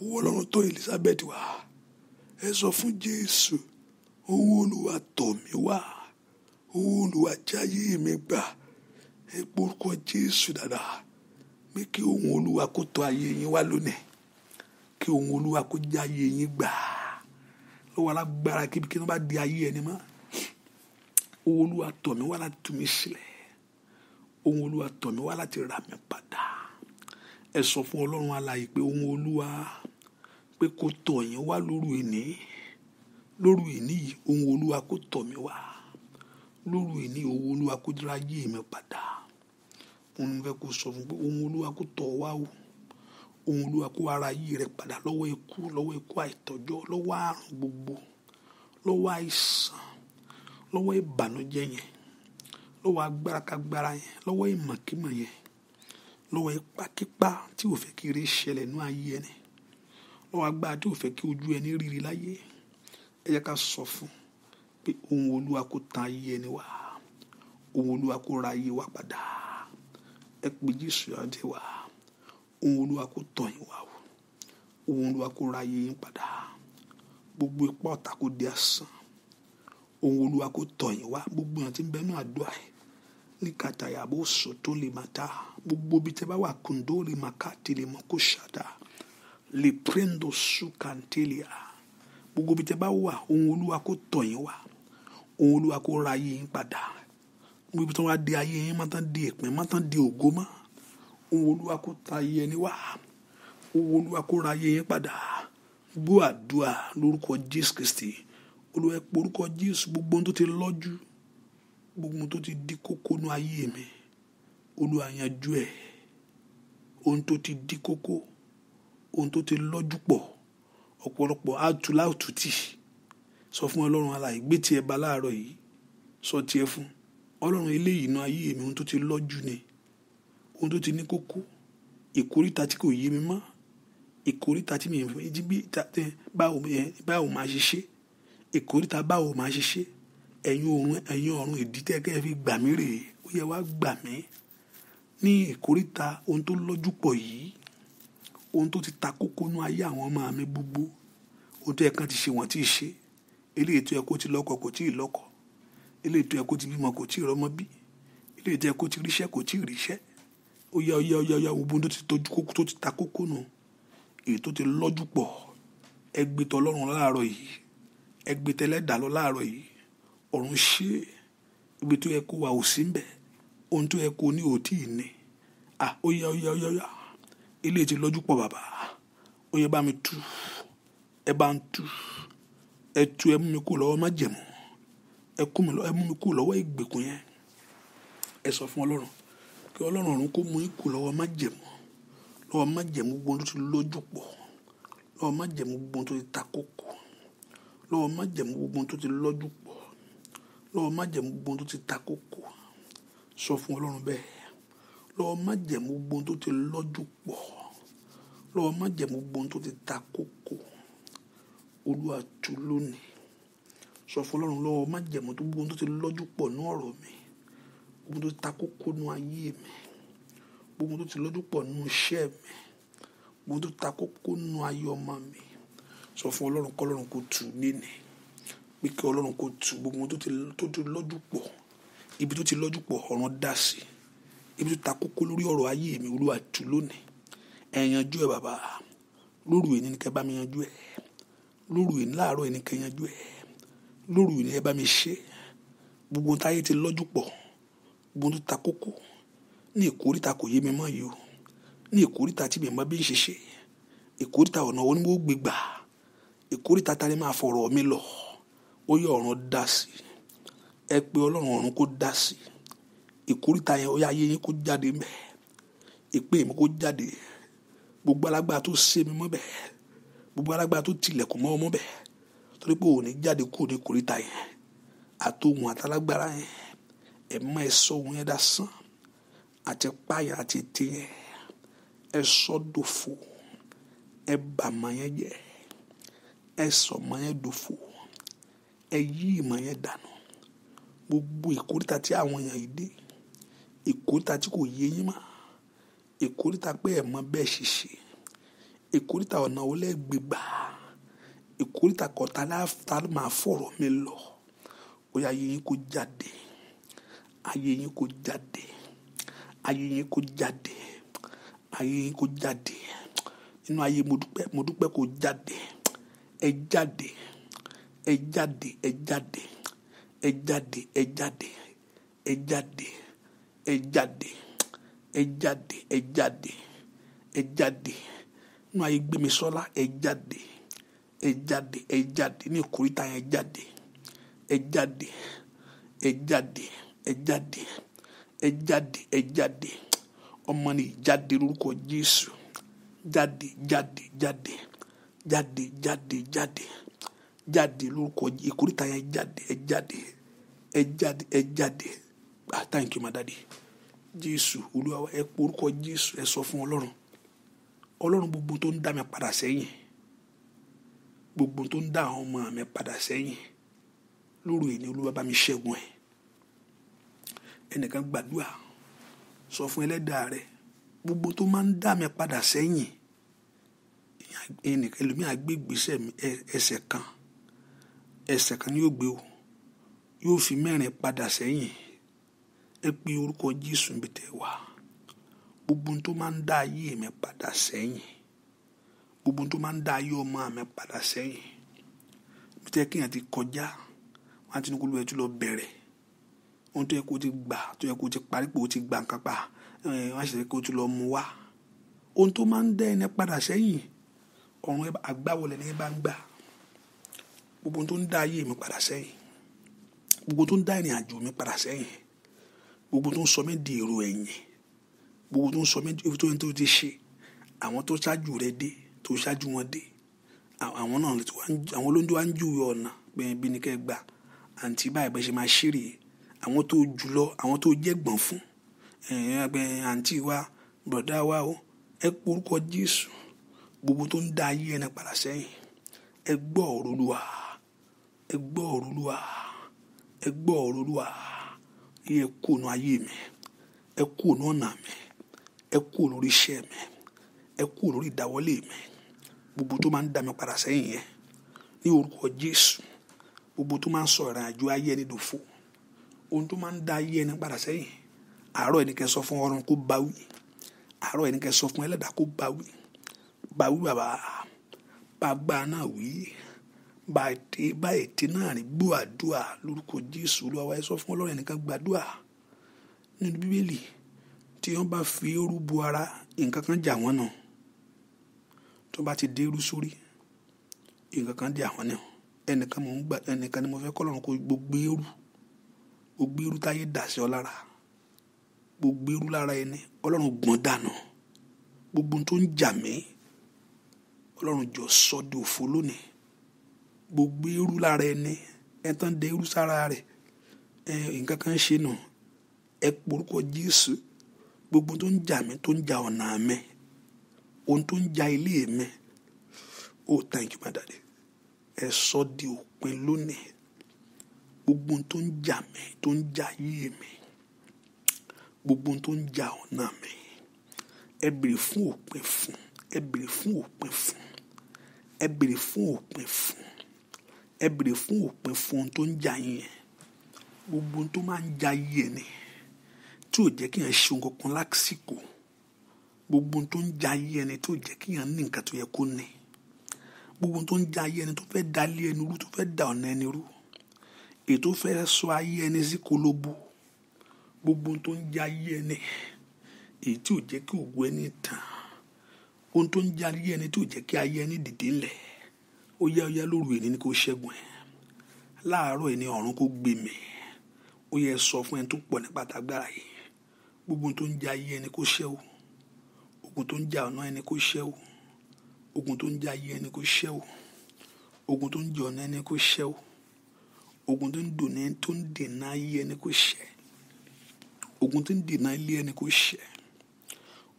S1: owó ọlọ́run tó Elizabeth wá ẹ sọ fún Jésù owó olúwa tọ̀ mí wá owó olúwa jáyé mi gbà ẹ gbórúkọ Jésù dáadáa pé kí ohun olúwa kó tọ̀ ayé yín wá lónìí kí ohun olúwa kó jáyé yín gbà lọ́wọ́ alágbára kíbi kí bá di ayé ẹni mọ́ owó olúwa tọ̀ wá láti tú mi sílẹ̀ ohun olúwa tọ̀ wá láti rà mí padà ẹ sọ fún ọlọ́run alààyè pé ohun olúwa pé kó tọ̀ yín wá lóru ìní lóru ìní yìí ohun olúwa kó tọ̀ mí wá lóru ìní ohun olúwa kó dúró ayé mi padà òun fẹ́ kó sọ fún pé ohun olúwa kó tọ̀ wá o ohun olúwa kó ara ayé rẹ padà lọ́wọ́ ikú lọ́wọ́ ikú àìtọ́jọ́ lọ́wọ́ àrùn gbogbo lọ́wọ́ àìsàn lọ́wọ́ ìbànújẹ́ yẹn lọ́wọ́ agbára kágbára yẹn lọ́wọ́ ìmọ̀kímọ̀ yẹn lọ́wọ́ ipákípá tí ò fẹ́ kí ire ṣẹlẹ̀ ní ayé ẹni lọ́wọ́ agbára tí ò fẹ́ kí ojú ẹni rírí láyé ẹ jẹ́ ká sọ fún pé ohun olúwa kó tan ayé ẹni wá ohun olúwa kó ra ayé wa padà ẹ pé jésù adé wa ohun olúwa kó tàn yín wá o ohun olúwa kó ra ayé yín padà gbogbo ipá ọ̀tá kó di asán ohun olúwa kó tàn yín wá gbogbo àti bẹ́ẹ̀ náà àdúrà ní kàtàyà bó sọ tó lè má dáa gbogbo bí tẹ́ bá wà le màkà tèlè mọ́ kó ṣàdá lè prendo sukantelia gbogbo bí tẹ́ bá wà ohun olúwa kó tọ̀ yín wá ohun olúwa kó ra ayé yín padà gbogbo tí wọ́n á di ayé yín má tán di ìpín má tán di ògo mọ́ ohun olúwa kó ta ayé ẹni wá ohun olúwa kó ra ayé yín padà gbọ́ àdúrà lórúkọ Jésù Kristi olùwẹ̀pọ̀ orúkọ Jésù gbogbo ohun tó ti lọ́jú gbogbo ohun tó ti di kókó nú ayé mi olúwa yanjú ẹ̀ ohun tó ti di kókó ohun tó ti lọ́jú pọ̀ ọ̀pọ̀lọpọ̀ á tu láòtútì sọ fún ọlọ́run alààyè gbé tiẹ̀ ba láàárọ̀ yìí sọ tiẹ̀ fún ọlọ́run eléyìí inú ayé mi ohun tó ti lọ́jú ni ohun tó ti ní kókó ìkóríta tí kò yé mi mọ́ ìkóríta tí mi ò fẹ́ bí báwo máa ṣe ṣe ìkóríta báwo máa ṣe ṣe ẹ̀yin ọ̀run ẹ̀yin fi gbà mí rèé ó yẹ wá gbà mí ní ìkóríta ohun tó lọ́jú pọ̀ yìí ohun tó ti ta kókó nú ayé àwọn ọmọ mi gbogbo ohun tó yẹ kán ti ṣe wọ́n tí ì ṣe eléyìí tó yẹ kó ti lọ́kọ kò tí ì lọ́kọ eléyìí tó yẹ kó ti bímọ kò tí ì rọ́mọ bí eléyìí tó yẹ kó ti ríṣẹ́ kò tí ì ríṣẹ́ ó yá ó yá ó ohun tó ti tọ́jú kókó tó ti ta kókó nù èyí tó ti lọ́jú pọ̀ ẹgbẹ́ tọlọ́run láàárọ̀ yìí ẹgbẹ́ tẹlẹ́dàá lọ láàárọ̀ yìí ọ̀run ṣe ibi tó yẹ kó wà ò sí bẹ́ẹ̀ ohun tó yẹ kó ní ò tíì ní à ó yá ó yá ó yá ó yá ilé ti lọ́jú pọ̀ bàbá ó yẹ bá mi tú ẹ bá ń tú ẹ tú ẹ mú mi kú lọ́wọ́ má jẹ̀mú ẹ kú mi ẹ mú mi kú lọ́wọ́ ìgbèkùn yẹn ẹ sọ fún ọlọ́run kí ọlọ́run ọ̀run kó mú ikú lọ́wọ́ má jẹ̀mú lọ́wọ́ má jẹ̀mú gbogbo tó ti lójú pọ̀ lọ́wọ́ má jẹ̀mú gbogbo tó ti ta lọ́wọ́ má jẹ̀mú gbogbo tó ti lọ́jú pọ̀ lọ́wọ́ má jẹ̀mú gbogbo tó ti ta sọ fún ọlọ́run bẹ́ẹ̀ lọ́ọ́ má jẹ̀mú gbóhun tó ti lọ́jú pọ̀ lọ́ọ́ má jẹ̀mú gbóhun tó ti ta kókó olúwa tú lónìí sọ fún ọlọ́run lọ́ọ́ má jẹ̀mú tó gbóhun tó ti lọ́jú pọ̀ ní ọ̀rọ̀ mi gbóhun tó ti ta kókó ní ayé mi gbóhun tó ti lọ́jú pọ̀ ní iṣẹ́ mi gbóhun tó ta kókó ní ayé ọmọ mi sọ fún ọlọ́run kọ́ ọlọ́run kò tù nínú pé kí ọlọ́run kò tù gbogbo tó ti lọ́jú pọ̀ ibi tó ti lọ́jú pọ̀ ọ̀ràn dá sí ibi tó ta kókó lórí ọ̀rọ̀ ayé mi olúwa tú lónìí ẹ yanjú ẹ bàbá lóru èyí ni kẹ bá mi yanjú ẹ lóru èyí láàárọ̀ èyí ni kẹ yanjú ẹ lóru èyí ni ẹ bá mi ṣe gbogbo táyé ti lọ́jú pọ̀ gbogbo tó ta kókó ní ìkórìtà kò yé mi mọ́ yìí o ní ìkórìtà tí mi mọ́ bí n ṣe ṣe ìkórìtà ọ̀nà onímọ̀ gbégbà ìkórìtà ta ni máa fọ̀rọ̀ mi lọ ó yẹ ọ̀ràn dá sí i ẹ pé ọlọ́run ọ̀run kó dá sí ìkóríta yẹn ó yá ayé yín kó jáde mẹ́ ìpè mi kó jáde gbogbo alágbára tó sé mi mọ́ bẹ́ẹ̀ gbogbo alágbára tó tilẹ̀kùn mọ́ ọmọ bẹ́ẹ̀ torí pé òun ní jáde kúrò ní ìkóríta yẹn àtòhun àtàlágbára yẹn ẹ má ẹ sọ ohun yẹn dá sàn àti páyà àti ètè yẹn ẹ sọ dòfò ẹ bà mọ yẹn jẹ ẹ sọ mọ yẹn dòfò ẹ yí ìmọ̀ yẹn dànù gbogbo ìkórìtà tí àwọn èèyàn yìí dé ìkórìtà tí kò yé yín mọ́ ìkórìtà pé ẹ̀ mọ bẹ́ẹ̀ ṣe ṣe ìkórìtà ọ̀nà olẹ́ gbégbá ìkórìtà kan tá ló máa fọ̀rọ̀ mi lọ ó yá ayé yín kó jáde ayé yín kó jáde ayé yín kó jáde ayé yín kó jáde inú ayé mo dúpẹ́ kó jáde ẹ jáde ẹ jáde ẹ jáde ẹ jáde ẹ jáde ẹ jáde ẹ jáde ẹ jáde ẹ jáde ẹ jáde nínú ayé gbémi sọlá ẹ jáde ẹ jáde ẹ jáde ní ìkórìtà yẹn jáde ẹ jáde ẹ jáde ẹ jáde ẹ jáde ẹ jáde ọmọ ni jáde lórúkọ Jésù jáde jáde jáde jáde jáde jáde. jáde, jáde, jáde jáde lórúkọ ìkórìtà yẹn jáde ẹ jáde ẹ jáde ẹ jáde ah thank you my daddy jésù olúwa ẹ pọ orúkọ jésù ẹ sọ fún ọlọ́run ọlọ́run gbogbo tó ń dá mi padà sẹ́yìn gbogbo tó ń dá àwọn ọmọ mi padà sẹ́yìn lóru èyí ni olúwa bá mi ṣẹ́gun ẹ̀ ẹnìkan gbàdúrà sọ fún ẹlẹ́dàá rẹ gbogbo tó máa ń dá mi padà sẹ́yìn ẹnìkan ẹlòmíràn gbé ìgbésẹ̀ ẹsẹ̀ kan ẹsẹ̀ kan ni yóò gbé o yóò fi mẹ́rin padà sẹ́yìn ẹ pé orúkọ Jésù níbi tẹ́ wà gbogbo ohun tó máa ń dá ayé mi padà sẹ́yìn gbogbo ohun tó máa ń dá ayé ọmọ mi padà sẹ́yìn níbi tẹ́ kéèyàn ti kọjá wọn ti ní kó ló tó lọ bẹ̀rẹ̀ ohun tó yẹ kó ti gbà tó yẹ kó ti parí pé o ti gbà nǹkan pa wọn ṣẹ̀ṣẹ̀ kó ti lọ mú wá ohun tó máa ń dá ẹni padà sẹ́yìn ọ̀run àgbáwọlẹ̀ ni ẹ bá ń gbà gbogbo tó ń dá ayé mi padà sẹ́yìn gbogbo tó ń dá ìrìn àjò mi padà sẹ́yìn gbogbo tó ń sọ mí di èrò ẹ̀yìn gbogbo tó ń sọ mí ibi tó ń tó ti ṣe àwọn tó ṣáájú rẹ dé tó ṣáájú wọn dé àwọn náà àwọn olóńjọ wa ń júwe ọ̀nà bí ni kẹ́ gbà àǹtí báyìí bẹ́ẹ̀ ṣe máa ṣírí àwọn tó jù lọ àwọn tó jẹ́ gbọ̀n fún àǹtí wa bọ̀dá wa o ẹ porúkọ Jésù gbogbo tó ń da ayé ẹni padà sẹ́yìn ẹ gbọ́ ọ̀rọ̀ ẹ gbọ́ ọ̀rọ̀ olúwa ẹ gbọ́ ọ̀rọ̀ olúwa ní ẹ e kú ònà ayé mi ẹ kú ònà ọ̀nà mi ẹ kú lórí iṣẹ́ mi ẹ kú lórí ìdáwọ́lé mi gbogbo tó máa ń dá mi padà sẹ́yìn yẹn ní orúkọ jésù gbogbo tó máa ń sọ ìrìn àjò ayé ẹni dòfo ohun tó máa ń dá ayé ẹni padà sẹ́yìn àárọ̀ ẹnikẹ́ sọ fún ọrùn kó báwí àárọ̀ ẹnikẹ́ sọ fún ẹlẹ́dàá kó báwí báwí bàbá bàbá náà wí bàtí báyìí náà rí gbòàdúà lórúkọ jésù lọ́wọ́ ẹ sọ fún ọlọ́run ẹnìkan gbàdúà nínú bíbélì tí wọ́n bá fi eérú bu ara nǹkan kan jà wọ́n náà tó bá ti dérú sórí nǹkan kan jà wọ́n náà ẹnìkan mò ń gbà ẹnìkan ni mo fẹ́ kọ́lọ́run kó gbogbo eérú gbogbo eérú táyé dà sí ọ lára gbogbo eérú lára ẹni ọlọ́run gbọ́n dànù gbogbo tó ń jà mí ọlọ́run jọ sọ́ di òfo lónìí gbogbo eru lára ẹni ẹ tán de eru sára rẹ̀ ẹ nǹkan kan ṣe nù ẹ porúkọ Jésù gbogbo tó ń jà mí tó ń jà ọ̀nà mi ohun tó ń jà ilé mi oh thank you my daddy ẹ sọ di òpin lónìí gbogbo tó ń jà mí tó ń jà ayé mi gbogbo tó ń jà ọ̀nà mi ẹ bèrè fún òpin fún ẹ bèrè fún òpin fún ẹ bèrè fún òpin fún ẹ bèrè fún òpin fún ohun tó ń jà yín yẹn gbogbo ohun tó máa ń ja yí ẹ ni tí ò jẹ́ kí yẹn ṣe ohun kankan lásìkò gbogbo ohun tó ń ja yí ẹ ni tí ò jẹ́ kí yẹn ní nǹkan tó yẹ kó ní gbogbo ohun tó ń ja yí ẹni tó fẹ́ da lé ẹni rú tó fẹ́ da ọ̀nà ẹni rú èyí tó fẹ́ sọ ayé ẹni sí kolobo gbogbo ohun tó ń ja yí ẹni èyí tí ò jẹ́ kí òwú ẹni tàn ohun tó ń ja yí ẹni tí ò jẹ́ kí ayé ẹni dìde ńlẹ̀ ó yá ó yá lóru èní ni kò ṣẹ́gun ẹ̀ láàárọ̀ ẹ̀ ní ọ̀run kò gbé mi ó yẹ sọ fún ẹni tó pọ̀ ní pátágbára yìí gbogbo tó ń ja ayé ẹni kò ṣẹ́ o ogun tó ń ja ọ̀nà ẹni kò ṣẹ́ o ogun tó ń ja ayé ẹni kò ṣẹ́ ogun tó ń ja ọ̀nà ẹni kò ṣẹ́ ogun tó ń dùn ẹni tó ń dènà ayé ẹni kò ṣẹ́ ogun tó ń dènà ilé ẹni kò ṣẹ́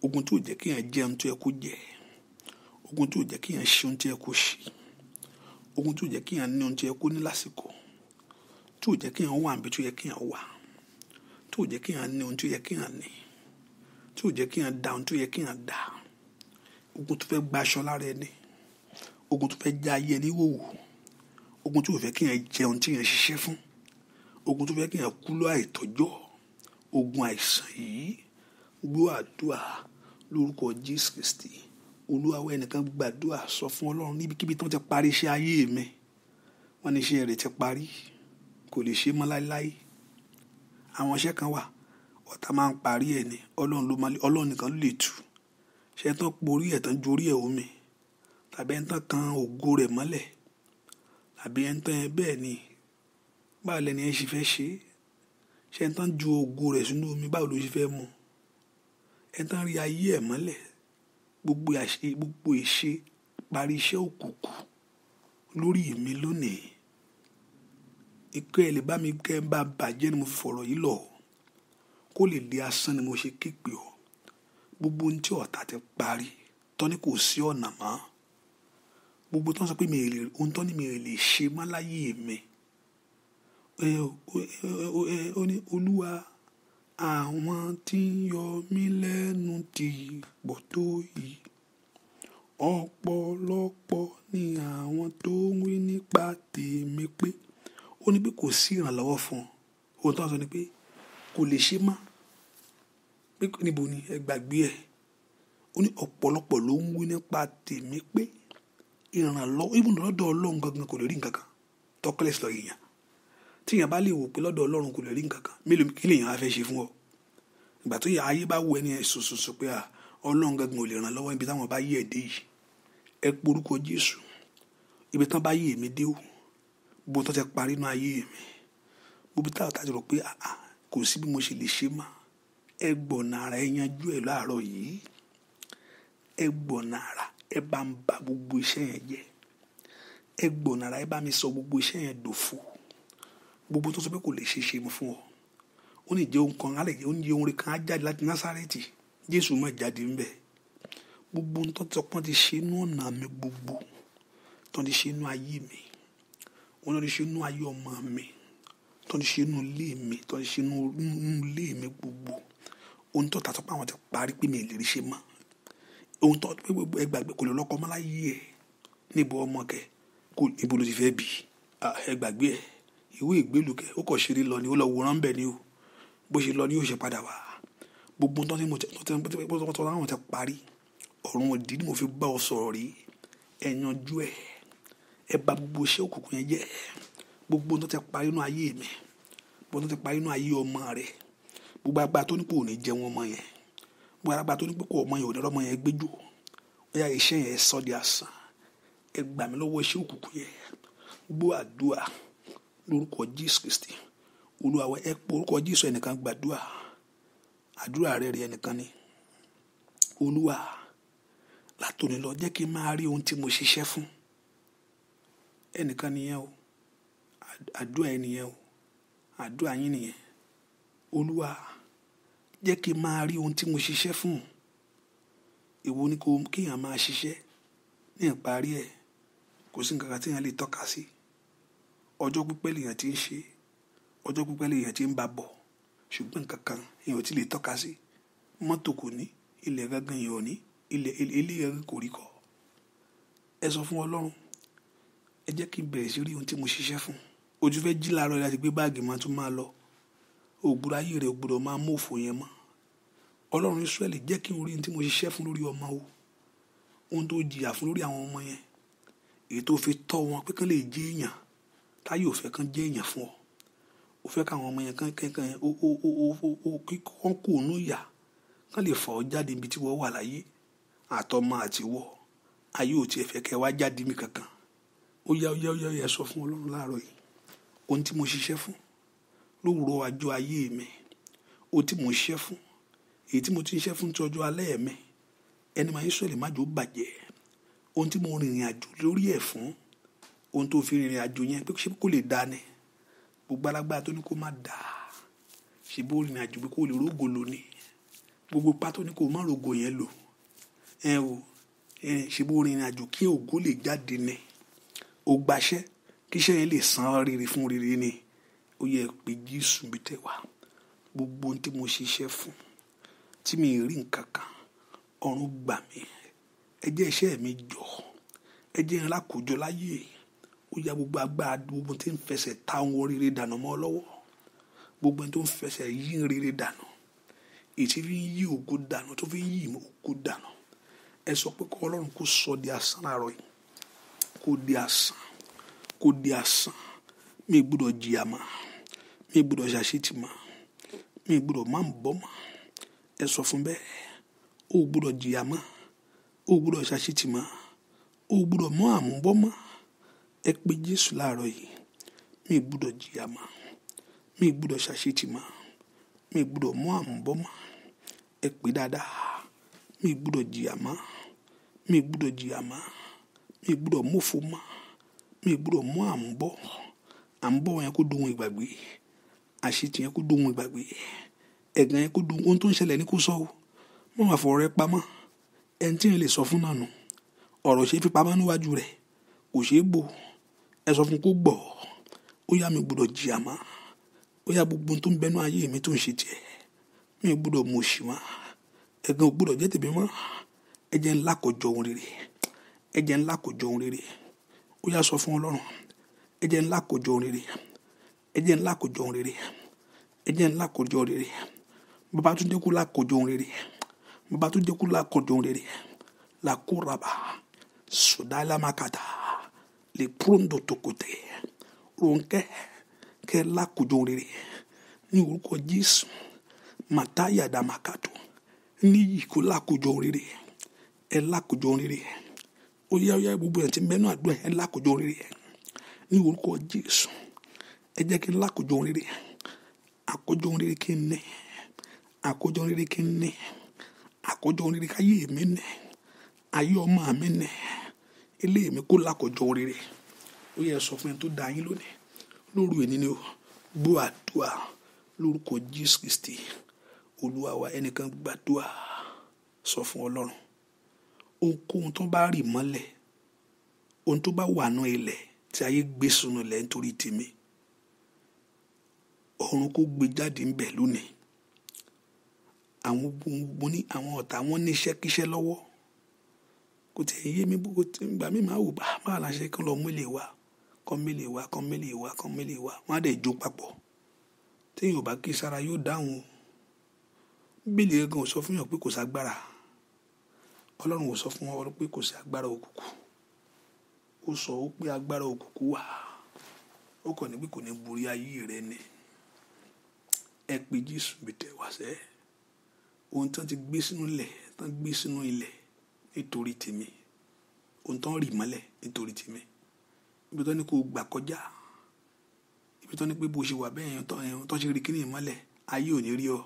S1: ogun tó jẹ́ kéèyàn jẹun tó yẹ kó jẹ ogun tó jẹ́ kéèyàn ṣe tó yẹ kó ṣe ohun tí ò jẹ́ kéèyàn ní oúnjẹ kó ní lásìkò tí ò jẹ́ kéèyàn wà níbi tí ó yẹ kéèyàn wà tí ò jẹ́ kéèyàn ní ohun tí ó yẹ kéèyàn ní tí ò jẹ́ kéèyàn da ohun tí ó yẹ kéèyàn da ogun tó fẹ́ gba aṣọ lára ẹni ogun tó fẹ́ já ayé ẹni wòwò ogun tó fẹ́ kéèyàn jẹun tí yẹn ṣiṣẹ́ fún ogun tó fẹ́ kéèyàn kú lọ àìtọ́jọ́ ogun àìsàn yìí gbọ́ àdúrà lórúkọ Jésù Kristi olúwawo ẹnìkan gbàdúrà sọ fún ọlọ́run níbikíbi tí wọ́n ti parí iṣẹ́ ayé mi wọ́n ní iṣẹ́ rẹ̀ ti parí kò lè ṣe mọ́ láéláé àwọn iṣẹ́ kan wà ọ̀tá máa ń parí ẹ̀ ní ọlọ́run nìkan lè tú ṣe tán porí ẹ̀ tán jorí ẹ̀ omi tàbí ẹ̀ tán kan ògo rẹ̀ mọ́lẹ̀ tàbí ẹ̀ tán ẹ ni báwo lẹni ẹ ṣe fẹ́ ṣe ṣe ń tán ju ògo rẹ̀ sínú omi báwo ló ṣe fẹ́ mu ẹ̀ ń tán rí ayé ẹ̀ mọ́lẹ̀ gbogbo àṣe gbogbo ìṣe parí iṣẹ́ òkùnkùn lórí mi lónìí ìkẹ́ ẹ lè bá mi kẹ́ ẹ bá bàjẹ́ ni mo fi fọ̀rọ̀ yìí lọ kó lè di asán ni mo ṣe képe ọ gbogbo ohun tí ọ̀tá ti parí tọ́ni kò sí ọ̀nà mọ́ gbogbo tó ń sọ pé mi lè ohun tó ní mi lè ṣe má láyé mi ó ní olúwa àwọn tí ń yọ mí lẹ́nu ti pọ̀ tó yìí ọ̀pọ̀lọpọ̀ ni àwọn tó ń wí nípa tèmi pé ó ní pé kò sí ìrànlọ́wọ́ fún un ohun tó wà sọ ni pé kò lè ṣe má pé níbo ni ẹ gbàgbé ẹ ó ní ọ̀pọ̀lọpọ̀ ló ń wí nípa tèmi pé ìrànlọ́wọ́ ìbùnú lọ́dọ̀ ọlọ́run gangan kò lè rí nǹkan kan tọ́kílẹ̀ lọ́ọ́ yìnyín tíyàn bá lè wò pé lọ́dọ̀ ọlọ́run kò lè rí nǹkan kan mélòó kí lèèyàn á fẹ́ ṣe fún ọ ìgbà tó yà ayé bá wù ẹni ṣoṣoṣo pé à ọlọ́run gangan ò lè ràn lọ́wọ́ ibi táwọn bá yí yìí ẹ porúkọ jésù ibi tán bá yí èmi dé o bó ti parí inú ayé mi mo bí táwọn pé àà kò sí bí mo ṣe lè ṣe ẹ gbọ̀nà ẹ yanjú ẹ gbọ̀nà ara ẹ ẹ gbọ̀nà ẹ bá mi gbogbo iṣẹ́ yẹn gbogbo tó sọ pé kò lè ṣe ṣe fún ọ ó ní jẹ ohun kan alẹ oúnjẹ orin kan á jáde láti násàrẹ́tì jésù má jáde ńbẹ gbogbo ohun tó ti ọpọ́n ti ṣe inú ọ̀nà mi gbogbo tó ti ṣe inú ayé mi wọn tó ti ṣe inú ayé ọmọ mi tó ti ṣe inú ilé mi tó ti ṣe inú ilé mi gbogbo ohun tó tàtọ́ pé àwọn ti parí pé mi ì lè rí ṣe mọ́ ohun tó pé ẹgbàgbé kò lè lọ́kọ ọmọ ẹ̀ níbo ọmọ kẹ kò níbo ló ti fẹ́ bí ẹgbàgbé ẹ̀ ìwé ìgbélùkẹ́ ó kọ̀ ṣeré lọ ni ó lọ wòran bẹ̀ ni o bó ṣe lọ ni yóò ṣe padà wá gbogbo tó ń tọ́ táwọn ti parí ọ̀run òdì ni mo fi bá ọ sọ̀rọ̀ rí ẹ yanjú ẹ ẹ bà gbogbo iṣẹ́ òkùnkùn yẹn jẹ́ gbogbo tó ti parí inú ayé mi gbogbo tó ti parí inú ayé ọmọ rẹ gbogbo agbá tó ní kò ní jẹun ọmọ yẹn gbogbo agbá tó ní kò ọmọ yẹn ò ní ọmọ yẹn gbẹjọ ó yà iṣẹ́ yẹn sọ di asán ẹ gbà mí lọ́wọ́ iṣẹ́ òkùnkùn yẹn gbọ́ àdúrà lórúkọ jésù kristi olúwa wa ẹ pọ orúkọ jésù ẹnìkan gbàdúrà àdúrà rẹ rí ẹnìkan ni olúwa látòní lọ jẹ́ kí n máa rí ohun tí mo ṣiṣẹ́ fún ẹnìkan nìyẹn o àdúrà ẹ nìyẹn o àdúrà yín nìyẹn olúwa jẹ́ kí n máa rí ohun tí mo ṣiṣẹ́ fún èwo ni kéèyàn máa ṣiṣẹ́ ní ìparí ẹ̀ kò sí nǹkan kan téèyàn lè tọ́ka sí. Si ọjọ́ pípẹ́ lèèyàn ti ń ṣe ọjọ́ pípẹ́ lèèyàn ti ń bá bọ̀ ṣùgbọ́n nǹkan kan èèyàn ti lè tọ́ka sí mọ́tò kò ní ilẹ̀ gángan èèyàn ní ilẹ̀ eléyàn kò rí kọ́ ẹ sọ fún ọlọ́run ẹ jẹ́ kí n bẹ̀rẹ̀ sí rí ohun tí mo ṣiṣẹ́ fún ojú fẹ́ jí láàárọ̀ láti gbé báàgì máa tún máa lọ ògbúra ayé rẹ̀ gbọ́dọ̀ máa mú òfò yẹn mọ́ ọlọ́run Ísírẹ́lì jẹ́ kí n rí ohun tí mo ṣiṣẹ́ fún lórí ọmọ o ohun tó jìyà fún lórí àwọn ọmọ yẹn èyí tó fi tọ́ wọn pé kán lè jí èèyàn táyé ò fẹ́ kán jẹ́ èèyàn fún ọ ó fẹ́ káwọn ọmọ yẹn kán kankan ó ó ó ó ó kán kú ònú ìyá kán lè fà ọ́ jáde ibi tí wọ́n wà láyé àtọmọ àtiwọ́ ayé ò tiẹ̀ fẹ́ kẹ́ wá jáde mi kankan ó yá ó yá ó yá ó yá sọ fún ọlọ́run láàárọ̀ yìí ohun tí mo ṣiṣẹ́ fún lówùrọ̀ àjọ ayé mi ohun tí mo ṣiṣẹ́ fún èyí tí mo ti ń ṣiṣẹ́ fún ti ọjọ́ alẹ́ mi ẹni máa ń sọ̀rọ̀ májò bàjẹ́ ohun tí mo rìnrìn àjò lórí ẹ̀ fún ohun tó fi rìnrìn àjò yẹn pé ṣé kò lè da ni gbogbo alágbára tó ní kó má da ṣe bó rìnrìn àjò pé kó lè rógò lò ní gbogbo ipá ní kó má rógò yẹn lò ẹ o ṣe bó rìnrìn àjò kí ògo lè jáde ni o gbaṣẹ́ kíṣẹ́ yẹn lè san rere fún rere ni ó yẹ pé Jésù mi tẹ̀ wá gbogbo ohun tí mo ṣiṣẹ́ fún tí mi rí nǹkan kan gbà mí ẹ jẹ́ iṣẹ́ mi jọ ẹ jẹ́ ńlá kò láyé yìí kó ya gbogbo agbára gbogbo tí ń fẹsẹ̀ ta ohun rere dànù mọ́ ọ lọ́wọ́ gbogbo ẹni tó ń fẹsẹ̀ yí rere dànù ètí fi ń yí ògo dànù tó fi ń yí ògo dànù ẹ sọ pé kọ́ ọlọ́run kó sọ di asán láàárọ̀ yìí kó di asán kó di asán mi gbọ́dọ̀ jìyà mọ́ mi gbọ́dọ̀ ṣàṣetì mọ́ mi gbọ́dọ̀ má ń bọ́ mọ́ ẹ sọ fún bẹ́ẹ̀ o gbọ́dọ̀ jìyà mọ́ o gbọ́dọ̀ ṣàṣetì mọ́ o gbọ́dọ̀ mọ́ àmúbọ́ mọ́ ẹ pé jésù láàárọ̀ yìí mi ì gbúdọ̀ jìyà mọ́ mi ì gbúdọ̀ ṣàṣetì mọ́ mi ì gbúdọ̀ mú àmúbọ́ mọ́ ẹ pé dáadáa mi ì gbúdọ̀ jìyà mọ́ mi ì gbúdọ̀ jìyà mọ́ mi ì gbúdọ̀ mọ́fo mọ́ mi ì gbúdọ̀ mú àmúbọ́ àmúbọ́ yẹn kó dohun ìgbàgbé àṣetì yẹn kó dohun ìgbàgbé ẹ̀gàn yẹn kó dohun ohun tó ń ṣẹlẹ̀ ní kó sọ o mọ̀ wà rẹ pamọ́ ẹni tí yẹn lè sọ fún náà nù ọ̀rọ̀ ṣe fi pamọ́ níwájú rẹ̀ kò ṣeé bò ó ẹ sọ fún kó gbọ́ ó yá mi gbọ́dọ̀ jí àmá ó yá gbogbo tó ń bẹnu ayé mi tó ń ṣe tiẹ̀ mi gbọ́dọ̀ mọ̀ òṣì mọ́ ẹ̀gàn ò gbọ́dọ̀ jẹ́ tèmi mọ́ ẹ jẹ́ ńlá kọjọ ohun rere ẹ jẹ́ ńlá kọjọ ohun rere ó yá sọ fún ọlọ́run ẹ jẹ́ ńlá kọjọ ohun rere ẹ jẹ́ ńlá kọjọ ohun rere ẹ jẹ́ ńlá kọjọ ohun rere bàbá tún jẹ́ kó lá kọjọ ohun rere bàbá tún jẹ́ kó lá kọjọ ohun rere làkúrabà sùdálàmàkàtà le púròǹdò tòkòtẹ Rónkẹ́ kẹ́ lákòjọ rere ní orúkọ Jésù màtáyà dàmàkàtò níyì ni lákòjọ rere ẹ lákòjọ la ó yá ó yá gbogbo ẹ̀ tí mẹ́nu àdúrà ẹ lákòjọ rere ní orúkọ Jésù ẹ jẹ́ kí n lákòjọ rere àkójọ rere kí n ní àkójọ rere kí n ní àkójọ rere káyé mi ní ayé ọmọ mi ní eléyìí mi kó lákọjọ rere ó yẹ sọ fún ẹni tó dá yín lónìí lóru èní ni ó gbọ́ àdúrà lórúkọ Jésù Kristi olúwa wa ẹnìkan gbàdúrà sọ fún Ọlọ́run ohunkóhun tó bá rì mọ́lẹ̀ ohun tó bá wà nù ilẹ̀ tí ayé gbé sunu lẹ̀ nítorí tèmi ọ̀run kó gbé jáde ńbẹ̀ lónìí àwọn ọ̀tá wọn ní iṣẹ́ kíṣẹ́ lọ́wọ́ kò tiẹ̀ yé mi bó gbà mí máa wò ah, bá máa la ṣe kán lọ mú ilé wa kán mú ilé wa kán mú ilé wa kán mú ilé wa wọ́n á dẹ̀ jó papọ̀ téèyàn ò bá kí sára yóò dáhùn o gan sọ fún yàn pé kò ságbára ọlọ́run ò sọ fún wọn pé kò sí agbára òkùnkùn ó sọ ó pé agbára òkùnkùn wà ó kàn ní pé kò ní borí ayé rẹ ni ẹ pé jésù bìtẹ̀ wá sẹ́ ohun tí wọ́n ti gbé sínú ilẹ̀ tán gbé sínú ilẹ̀ nítorí tèmi ohun tó ń rì mọ́lẹ̀ nítorí tèmi ibi tó ní kó gbà kọjá ibi tó ní pé bó ṣe wà bẹ́ẹ̀ tó ṣe rí kíní mọ́lẹ̀ ayé ò ní rí ọ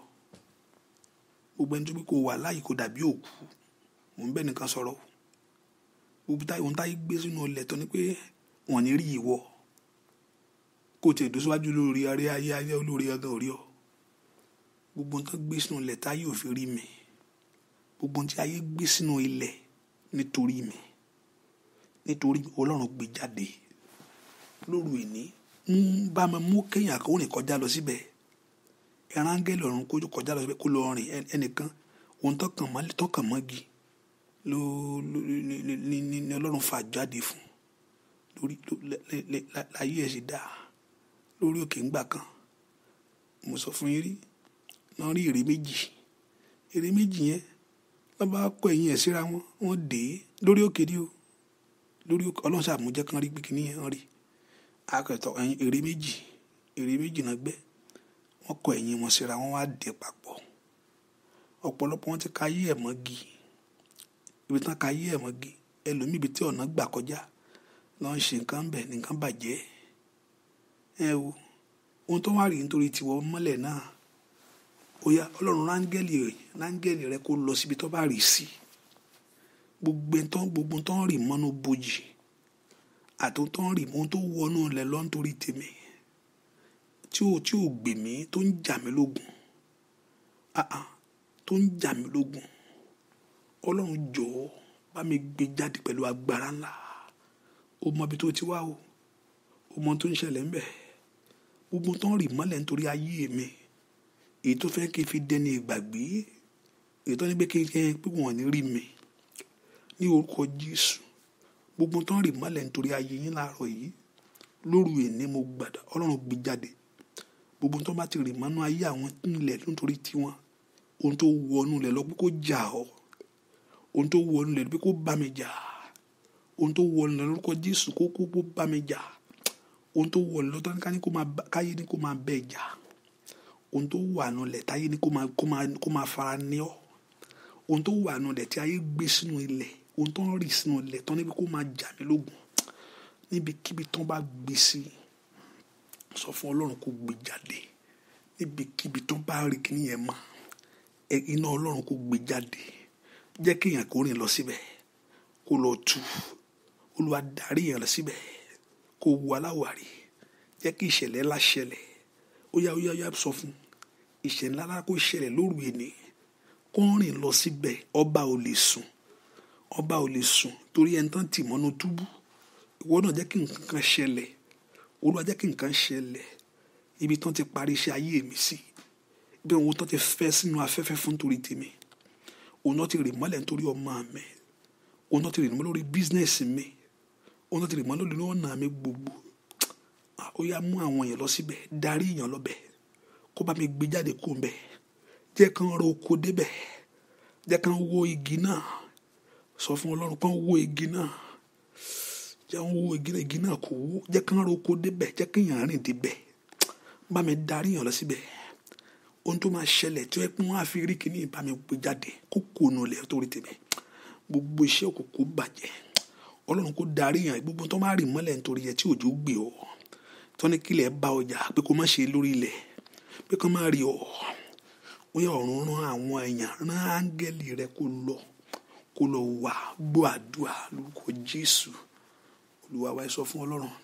S1: gbogbo ẹni tó pé kó wà láyìí kó dàbí òkú mò ń bẹ́ẹ̀ nìkan sọ̀rọ̀ gbogbo táyé ohun táyé gbé sínú ọlẹ̀ tó ní pé wọ́n ní rí ìwọ kó tiẹ̀ dó síwájú lórí ayé ayé olórí ọgá orí ọ gbogbo ohun tó gbé sínú ọlẹ̀ táyé ò fi rí mi gbogbo ohun tí ayé gbé sínú ilẹ̀ nítorí mi nítorí ọlọ́run gbé jáde lóru ìní ń bá mi mú kéèyàn àkọ́wọ́n kọjá lọ síbẹ̀ ẹ̀rángẹ́lì ọ̀run kó kọjá lọ síbẹ̀ kó lọ rìn ẹnìkan ohun tọkàn mọ́ tọkàn mọ́gi ló ní ọlọ́run fà jáde fún lórí láyé ẹ̀ sì dáa lórí òkè ńgbà kan mo sọ fún yín rí náà rí èrè méjì èrè méjì yẹn wọ́n bá kọ ẹ̀yìn ẹ̀ síra wọn wọ́n dè é lórí òkè ni o lórí òkè ọlọ́run sàmújẹ́ kan rí kíní yẹn rí akẹ́tọ̀ ẹ̀yìn èrè méjì èrè méjì náà gbẹ́ wọ́n kọ ẹ̀yìn wọn síra wọn wá dè papọ̀ ọ̀pọ̀lọpọ̀ wọn ti ka ayé ẹ̀ mọ́gi ibi tán ka ayé ẹ̀ mọ́gi ẹlòmíì ibi tí ọ̀nà gbà kọjá lọ́n ṣe nǹkan bẹ̀ nǹkan bàjẹ́ ẹ wo ohun tó wá rí nítorí tiwọ́ mọ́lẹ̀ náà Oya, yá ọlọ́run rángẹ́lì rẹ̀ rángẹ́lì rẹ̀ kó lọ síbi tó bá rì sí gbogbo tán gbogbo tán rì mọ́nú bojì àti tán rì mọ́ tó wọnú lẹ̀ lọ́n torí tèmi tí ò tí ò gbè mí tó ń jà mí lógun tó ń jà mí lógun ọlọ́run jọ̀ọ́ bá mi gbé jáde pẹ̀lú agbára ńlá o mọ ibi tó ti wá o o mọ tó ń ṣẹlẹ̀ ńbẹ̀ gbogbo tán rì mọ́lẹ̀ nítorí ayé mi èyí tó fẹ́ kí n fi dẹni ìgbàgbé èyí tó ní pé kí n kẹ́ pé wọ́n ní rí mi ní orúkọ Jésù gbogbo tó ń rì mọ́lẹ̀ nítorí ayé yín láàárọ̀ yìí lóru ìní mo gbàdá Ọlọ́run gbé jáde gbogbo tó bá ti rì mọ́nú ayé àwọn nílẹ̀ nítorí tiwọn ohun tó wọnú lẹ̀ lọ pé kó jà ọ́ ohun tó wọnú lẹ̀ pé kó bá mi jà ohun tó wọnú lẹ̀ lórúkọ Jésù kó kó bá mi jà ohun tó wọnú lọ́tọ́ káyé ní kó máa bẹ̀ jà ohun tó wà nù lẹ̀ táyé ni kó máa kó máa kó máa fara ní ọ́ ohun tó wà nù lẹ̀ tí ayé gbé sínú ilẹ̀ ohun tó ń rì sínú ilẹ̀ tán níbi kó máa jà mí lógun níbikíbi tán bá gbé sí sọ fún ọlọ́run kó gbé jáde níbikíbi tán bá rí kí nìyẹn mọ́ iná ọlọ́run kó gbé jáde jẹ́ kéèyàn kó rìn lọ síbẹ̀ kó lọ tu olúwa èèyàn lọ síbẹ̀ kó wu aláwárí jẹ́ kí ìṣẹ̀lẹ̀ ńlá ṣẹlẹ̀ ó yá ó yá ó yá sọ fún ìṣẹ̀lẹ̀ ńlá lára kó ṣẹlẹ̀ lóru èní kó rìn lọ síbẹ̀ ọba ò lè sùn ọba ò lè sùn torí ẹni tán tì mọ́nú túbú ìwọ náà jẹ́ kí nǹkan ṣẹlẹ̀ olúwa jẹ́ kí nǹkan ṣẹlẹ̀ ibi tán ti parí iṣẹ́ ayé mi sí bí òun tán ti fẹ́ sínú afẹ́fẹ́ fún torí tèmi òun náà ti rì mọ́lẹ̀ nítorí ọmọ mi òun náà ti rì mọ́ lórí bísínẹ́sì mi òun náà ti rì mọ́ lórí ọ̀nà mi gbogbo Ah, ó yá mú àwọn èèyàn lọ síbẹ̀ darí èèyàn lọ́bẹ̀ kó bá mi gbé jáde kó bẹ̀ jẹ́ kán ro oko débẹ̀ jẹ́ kán wo igi náà sọ fún ọlọ́run kán wo igi náà jẹ́ kán wo igi náà igi náà kò wó jẹ́ kán ro oko débẹ̀ jẹ́ kéèyàn rìn débẹ̀ bá mi darí èèyàn lọ síbẹ̀ ohun tó máa ṣẹlẹ̀ tí wọ́n á fi rí kíní bá mi gbé jáde kó kò nù lẹ̀ torí tèmi gbogbo iṣẹ́ òkùnkùn bàjẹ́ ọlọ́run kó darí èèyàn gbogbo tó máa rì mọ́lẹ̀ nítorí ẹ tí òjò gbé ọ́ tọ́ni kílẹ̀ bá ọjà pé kó má ṣe lórí ilẹ̀ pé kó má rí ọ ó yẹ ọ̀run rán àwọn èèyàn rán áńgẹ́lì rẹ kó lọ kó lọ wá gbọ́ àdúrà lórúkọ Jésù olúwa sọ fún ọlọ́run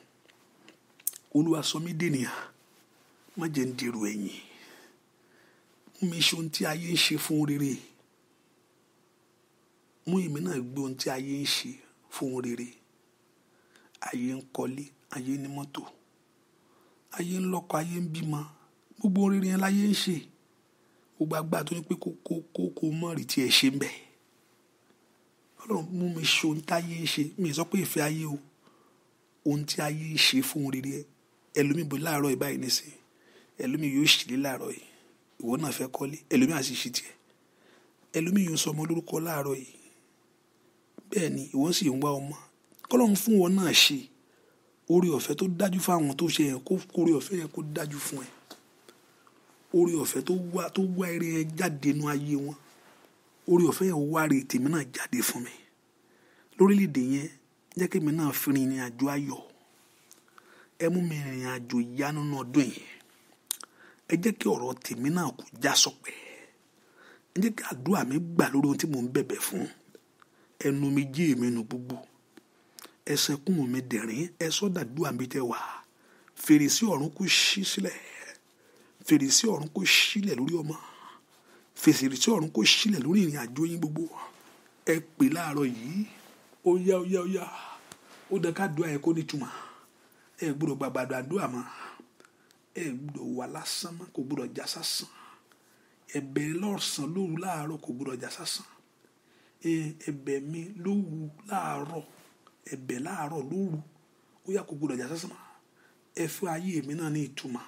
S1: olúwa sọ mí dènìyàn má jẹ́ ń dèrò ẹ̀yìn mú mi ṣe ohun tí ayé ń ṣe fún rere mú èmi náà gbé ohun tí ayé ń ṣe fún rere ayé ń kọ́lé ayé ní mọ́tò ayé ń lọ́kọ ayé ń bímọ gbogbo oríire yẹn láyé ń ṣe gbogbo agbára tó ní pé kó kó kó kó mọ̀ rí tiẹ̀ ṣe ń bẹ̀ ọlọ́run mú mi ṣe ohun tí ayé ń ṣe mi sọ pé ìfẹ́ ayé o ohun tí ayé ń ṣe fún oríire ẹlòmíì bò láàárọ̀ yìí báyìí nìsín ẹlòmíì yóò ṣílé láàárọ̀ yìí ìwọ náà fẹ́ kọ́lé ẹlòmíì àti ṣe tiẹ̀ ẹlòmíì yóò sọ ọmọ lórúkọ láàárọ̀ yìí bẹ́ẹ̀ ìwọ sì ń wá ọmọ kọ́lọ́run fún wọn náà ṣe orí ọ̀fẹ́ tó dájú fáwọn tó ṣe yẹn kó orí ọ̀fẹ́ yẹn kó dájú fún ẹ orí ọ̀fẹ́ tó wá tó wá eré yẹn jáde nú ayé wọn orí ọ̀fẹ́ yẹn wá re tèmi náà jáde fún mi lórílẹ̀‐èdè yẹn jẹ́ kí èmi náà fi rìnrìn àjò ayọ̀ ẹ mú mi rìnrìn àjò ìyá nínú ọdún yìí ẹ jẹ́ kí ọ̀rọ̀ tèmi náà kó já sọpẹ́ ẹ jẹ́ kí àdúrà mi gbà lórí ohun tí mò ń bẹ̀bẹ̀ fún ẹnu mi jí èmi nù gbogbo ẹ sẹkún mi dẹ̀rín ẹ sọ́dàdúrà mi tẹ wà fèrèsé ọ̀run kò ṣí sílẹ̀ fèrèsé ọ̀run kò ṣílẹ̀ lórí ọmọ fèrèsé ọ̀run kò ṣílẹ̀ lórí ìrìn àjò yín gbogbo ẹ pè láàárọ̀ yìí ó yá ó yá ó yá ó dẹ ká dùn àyẹ̀kọ́ nítumọ̀ ẹ gbọ́dọ̀ gbàgbàdo àdúrà mọ́ ẹ gbọ́dọ̀ wà lásán mọ́ kò gbọ́dọ̀ já sásán ẹ̀bẹ̀ lọ́sàn-án lóru láàárọ̀ kò gbọ́dọ̀ já sásán ẹ̀bẹ̀ mi lóru láàárọ̀ ẹ̀bẹ̀ láàárọ̀ lóru ó yà kó gbọdọ̀ jà sásán ẹ fún ayé mi náà ní ìtumọ̀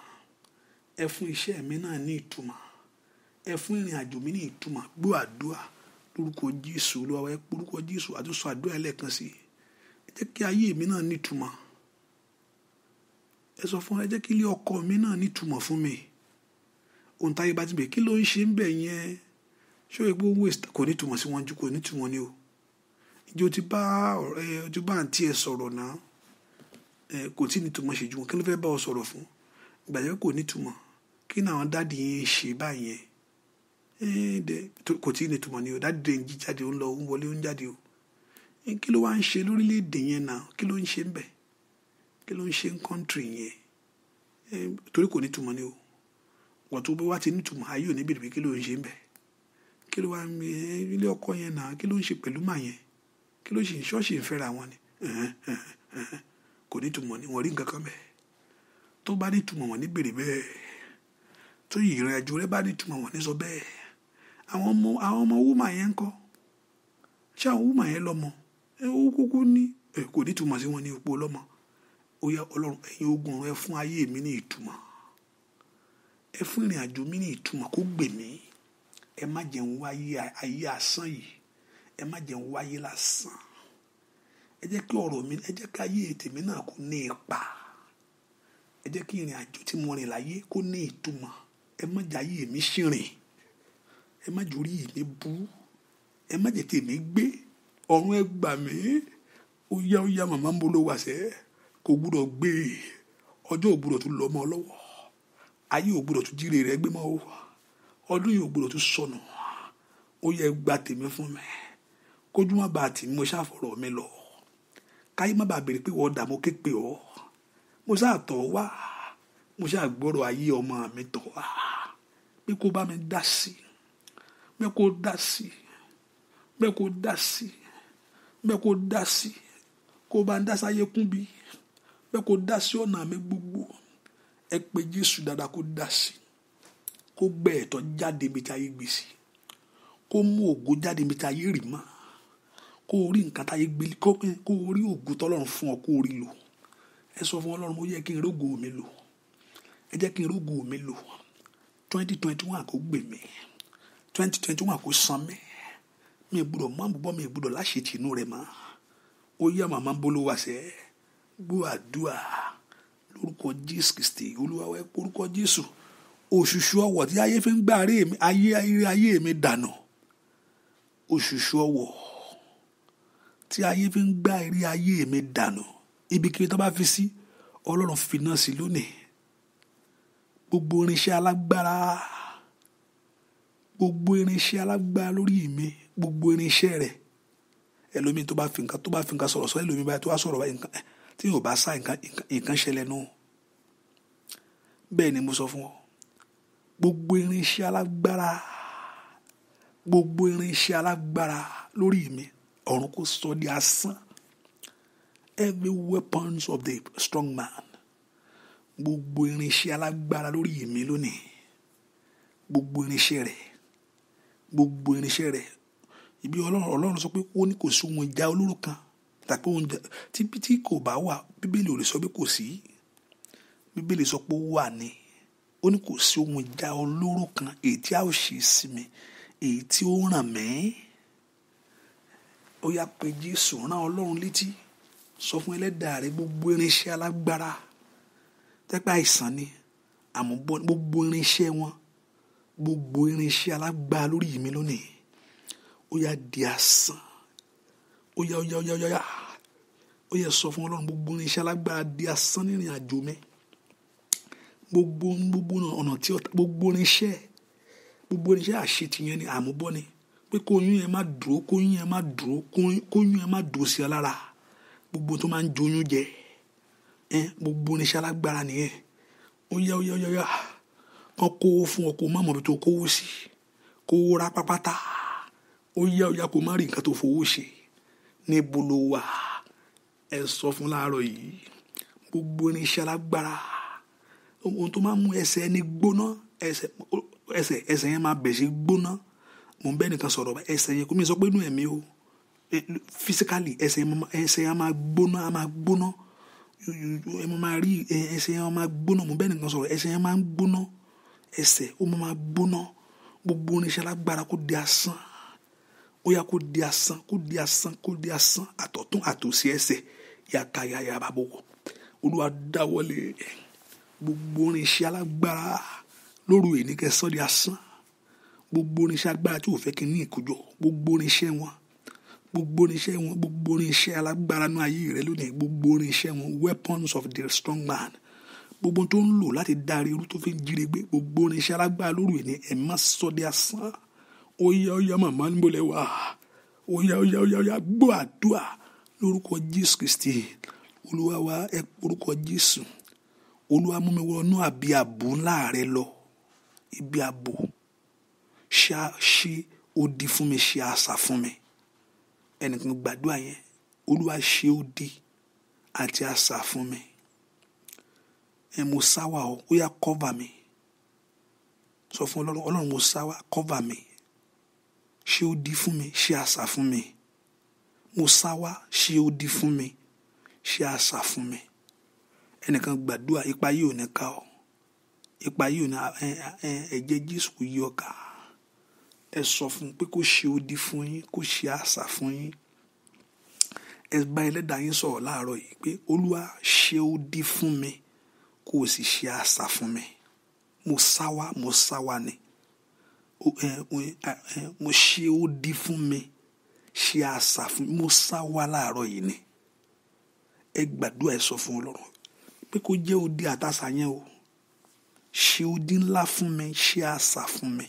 S1: ẹ fún iṣẹ́ mi náà ní ìtumọ̀ ẹ fún ìrìn àjò mi ní ìtumọ̀ gbọ́ àdúrà lórúkọ Jésù olúwa wa ẹ lórúkọ Jésù àtúnṣe àdúrà ẹlẹ́ẹ̀kan sí ẹ jẹ́ kí ayé mi náà ní ìtumọ̀ ẹ sọ fún ẹ jẹ́ kí ilé ọkọ mi náà nítumọ̀ fún mi òǹtayé bá ti bẹ̀ kí ló ń ṣe ń bẹ̀ yẹn ṣó egbò waste kò nítumọ̀ sí wọn ju kò nítumọ̀ ni o ìjọ ti bá ọ̀rẹ́ ọjọ́ bá àǹtí ẹ sọ̀rọ̀ náà ẹ kò tí ì nítumọ̀ ṣe ju wọn kí ló fẹ́ẹ́ bá ọ sọ̀rọ̀ fún ìgbà yẹn kò nítumọ̀ kí ni àwọn dáàdì yẹn ṣe báyẹn kò tí ì nítumọ̀ ni o dáàdì rẹ̀ ń jí jáde ó ń lọ ó ń wọlé ó ń jáde o kí ló wá ń ṣe lórílẹ̀‐èdè yẹn náà kí ló ń ṣe ń bẹ̀ kí ló ń ṣe ń kọ́ńtìrì yẹn torí kò nítumọ̀ ni o wọ́n tó bá wá ti nítumọ̀ ayé ò ní bèrè pé kí ló ń ṣe ń bẹ̀ kí ló wá ń ilé ọkọ yẹn náà kí ló ń ṣe pẹ̀lú màá kí ló ṣe ṣọ́ọ̀ṣì ń fẹ́ra wọn ni kò ní túmọ̀ ní wọn rí nǹkan kan bẹ́ẹ̀ tó bá ní túmọ̀ wọn ní bèrè bẹ́ẹ̀ tó yìí ìrìn àjò rẹ bá ní túmọ̀ wọn ní sọ bẹ́ẹ̀ àwọn ọmọ àwọn ọmọ wúmà yẹn ń kọ́ ṣé àwọn wúmà yẹn lọ́mọ ó kúkú ní kò ní túmọ̀ sí wọn ní opó lọ́mọ ó yá ọlọ́run ẹ̀yin ogun ọ̀run fún ayé mi ní ìtumọ̀ ẹ fún ìrìn àjò mi ní ìtumọ̀ kó gbè ẹ má jẹun wá ayé asán yìí ẹ má jẹ́ ń wáyé lásán ẹ jẹ́ kí ọ̀rọ̀ mi ẹ jẹ́ kí ayé tèmi náà kó ní ipa ẹ jẹ́ kí ìrìn àjò tí mo rìn láyé kó ní ìtumọ̀ ẹ má jẹ́ ayé mi ṣìrìn ẹ má jòrí mi bú ẹ má jẹ́ tèmi gbé ọ̀run ẹ gbà mí ó yá ó yá màmá ń bolo wà sẹ́ kò gbúdọ̀ gbé ọjọ́ ògbúdọ̀ tún lọ mọ́ ọ lọ́wọ́ ayé ògbúdọ̀ tún jíire rẹ gbé mọ́ ọ ọdún yìí ògbúdọ̀ tún sọnù ó yẹ gba tèmi fún mi kójú má bàa tì mí mo ṣàfọ̀rọ̀ mi lọ káyé má bàa béèrè pé wọ́n dà mo képe ọ́ mo ṣàtọ̀ wá mo ṣàgbọ́rọ̀ ayé ọmọ mi tọ̀ wá pé kó bá mi dá sí pé kó dá sí pé kó dá sí pé kó dá sí kó bá ń dá sáyé kún bí pé kó dá sí ọ̀nà mi gbogbo ẹ pé Jésù dáadáa kó dá sí kó gbẹ jáde mi tí ayé gbèsè kó mú ògo jáde mi tí ayé rì máa kó o rí nǹkan táyé gbélé kó o rí ògo tọ́lọ́run fún ọ kó o rí lò ẹ sọ fún ọlọ́run ó yẹ kí n rógo mi lò ẹ jẹ́ kí n rógo mi lò twenty twenty one kò gbè mí twenty twenty one kò san mí mi gbúdọ̀ mọ́ àbúbọ́ mi gbúdọ̀ láṣetì inú rẹ̀ mọ́ ó yá màmá bolówó àṣẹ gbọ́ àdúrà lórúkọ jésù kristi olúwàwẹ orúkọ jésù òṣùṣù ọwọ̀ tí ayé fi ń gbá ayé ayé mi dànù òṣùṣù ọwọ̀ tí ayé fi ń gbá eré ayé mi dànù ibikíbi tó bá fi sí ọlọ́run finá sí lónìí gbogbo irinṣẹ́ alágbára gbogbo irinṣẹ́ alágbára lórí mi gbogbo irinṣẹ́ rẹ̀ ẹlòmíì tó bá fi nǹkan tó bá fi nǹkan sọ̀rọ̀ sọ ẹlòmíì báyìí tó bá sọ̀rọ̀ báyìí nǹkan tí yóò bá sá nǹkan ṣẹlẹ̀ nù bẹ́ẹ̀ ni mo sọ fún ọ gbogbo irinṣẹ́ alágbára gbogbo irinṣẹ́ alágbára lórí mi ọ̀run kò sọ di asán every weapons of the strong man gbogbo irinṣẹ́ alágbára lórí èmi lónìí gbogbo irinṣẹ́ rẹ̀ gbogbo irinṣẹ́ rẹ̀ ibi ọlọ́run ọlọ́run sọ pé ó ní kò sí ohun ìjà olóró kan tàbí ohun ìjà tí kò bá wà bíbélì ò lè sọ pé kò sí bíbélì sọ pé ó wà ní ó ní kò sí ohun ìjà olóró kan èyí tí a ó ṣe sí èyí tí ó ràn mí ó yá pe Jésù rán Ọlọ́run létí sọ fún ẹlẹ́dàá rẹ gbogbo irinṣẹ́ alágbára tẹ́pẹ́ àìsàn ni àmọ́ gbogbo irinṣẹ́ wọn gbogbo irinṣẹ́ alágbára lórí mi lónìí ó yá di asán ó yá ó yá ó yá ó yá ó yẹ sọ fún Ọlọ́run gbogbo irinṣẹ́ alágbára di asán nírìn àjò mi gbogbo gbogbo ọ̀nà tí ọ̀tá gbogbo irinṣẹ́ gbogbo irinṣẹ́ àṣetìyẹn ni àmúbọ́ ni pé kóyún yẹn má dúró kóyún yẹn má dúró kóyún yẹn má dúró sí ẹ lára gbogbo tó máa ń jóyún jẹ ẹ gbogbo oníṣẹ́ alágbára nìyẹn ó yá ó yá ó yá ó yá kán kówó fún ọ kó má mọ̀ bí tó kówó sí kówó rá pápátá ó yá ó yá kó má rí nǹkan tó fowó ṣe níbo ló wà ẹ sọ fún láàárọ̀ yìí gbogbo oníṣẹ́ alágbára ohun tó máa ń mú ẹsẹ̀ ẹni gbóná ẹsẹ̀ ẹsẹ̀ yẹn máa bẹ̀ sí gbóná mò ń bẹ́ nìkan sọ̀rọ̀ ẹsẹ̀ yẹn kò mí sọ pé inú ẹ̀mí o physically ẹsẹ̀ yẹn máa gbóná máa gbóná ẹ máa rí ẹsẹ̀ yẹn máa gbóná mò ń bẹ́ nìkan sọ̀rọ̀ ẹsẹ̀ yẹn máa gbóná ẹsẹ̀ ó máa gbóná gbogbo oníṣẹ́ lágbára kó di asán ó yá kó di asán kó di asán kó di asán àtọ̀tún àtòsí ẹsẹ̀ yàtà yàyà bàbò olúwa dáwọ́lé gbogbo oníṣẹ́ alágbára lóru ènìkẹ́sọ́ di asán gbogbo irinṣẹ́ agbára tí ò fẹ́ kí n ní ìkójọ gbogbo irinṣẹ́ wọn gbogbo irinṣẹ́ wọn gbogbo irinṣẹ́ alágbára nú ayé rẹ lónìí gbogbo irinṣẹ́ wọn weapons of the strong man gbogbo tó ń lò láti darí irú tó fi ń jíire gbé gbogbo irinṣẹ́ alágbára lóru ẹ̀ ní ẹ̀ má sọ de asán ó yá ó yá màmá níbo lẹ wà ó yá ó yá ó àdúrà lórúkọ jésù kristi olúwa wa ẹ orúkọ jésù olúwa mú mi wọnú àbí àbò ńlá rẹ lọ ibi àbò ṣe odi fún mi ṣe asà fún mi ẹnìkan gbàdúrà yẹn olúwa ṣe odi àti asà fún mi ẹ mo sáwà ọ ó yá kọ́va mi sọ fún ọlọ́run ọlọ́run mo sáwà kọ́va mi ṣe odi fún mi ṣe asà fún mi mo sáwà ṣe odi fún mi ṣe asà fún mi ẹnìkan gbàdúrà ipa yìí ò ní ká ọ ipa yìí ò ní ẹ̀jẹ̀ jésù kò yí ọ ká ẹ sọ fún un pé kó ṣe odi fún yín kó ṣe àṣà fún yín ẹ bá ẹlẹ́dàá yín sọ̀rọ̀ láàárọ̀ yìí pé olúwa ṣe odi fún mi kó o sì ṣe àṣà fún mi mo sáwá mo sáwá ni mo ṣe odi fún mi ṣe àṣà fún mi mo sáwá láàárọ̀ yìí ni ẹ gbàdúrà ẹ sọ fún ọlọ́run pé kó jẹ́ odi àtàṣà yẹn o ṣe odi ńlá fún mi ṣe àṣà fún mi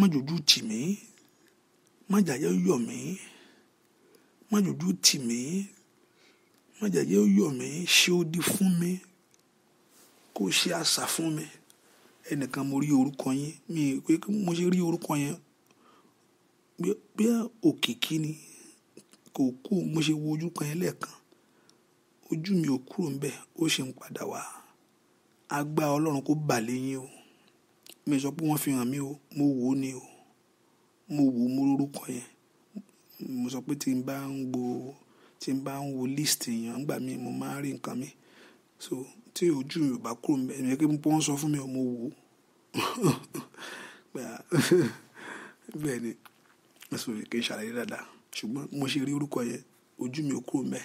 S1: má jòjú tì mí má jàyé yọ̀ mí má jòjú tì mí má jàyé yọ̀ mí ṣe odi fún mi kó ṣe àṣà fún mi ẹnìkan mo rí orúkọ yín mi pé mo ṣe rí orúkọ yẹn bí òkìkí ni kò kú mo ṣe wo ojú kan yẹn lẹ́ẹ̀kan ojú mi ò kúrò ńbẹ̀ ó ṣe ń padà wá agbá ọlọ́run kó bà lẹ́yìn o mi sọ pé wọ́n fi hàn mí o mo wò ó ni o mo wò ó mo rorúkọ yẹn mo sọ pé tí n bá ń wo tí n bá ń wo list èèyàn ńgbà mi mo máa ń rí nǹkan mi so tí ojú mi ò bá kúrò mbẹ ẹ̀mí kí wọ́n sọ fún mi o mo wò ó bẹ́ẹ̀ ni ẹ̀sùn kì í ṣàlàyé dáadáa ṣùgbọ́n mo ṣe rí orúkọ yẹn ojú mi ò kúrò mbẹ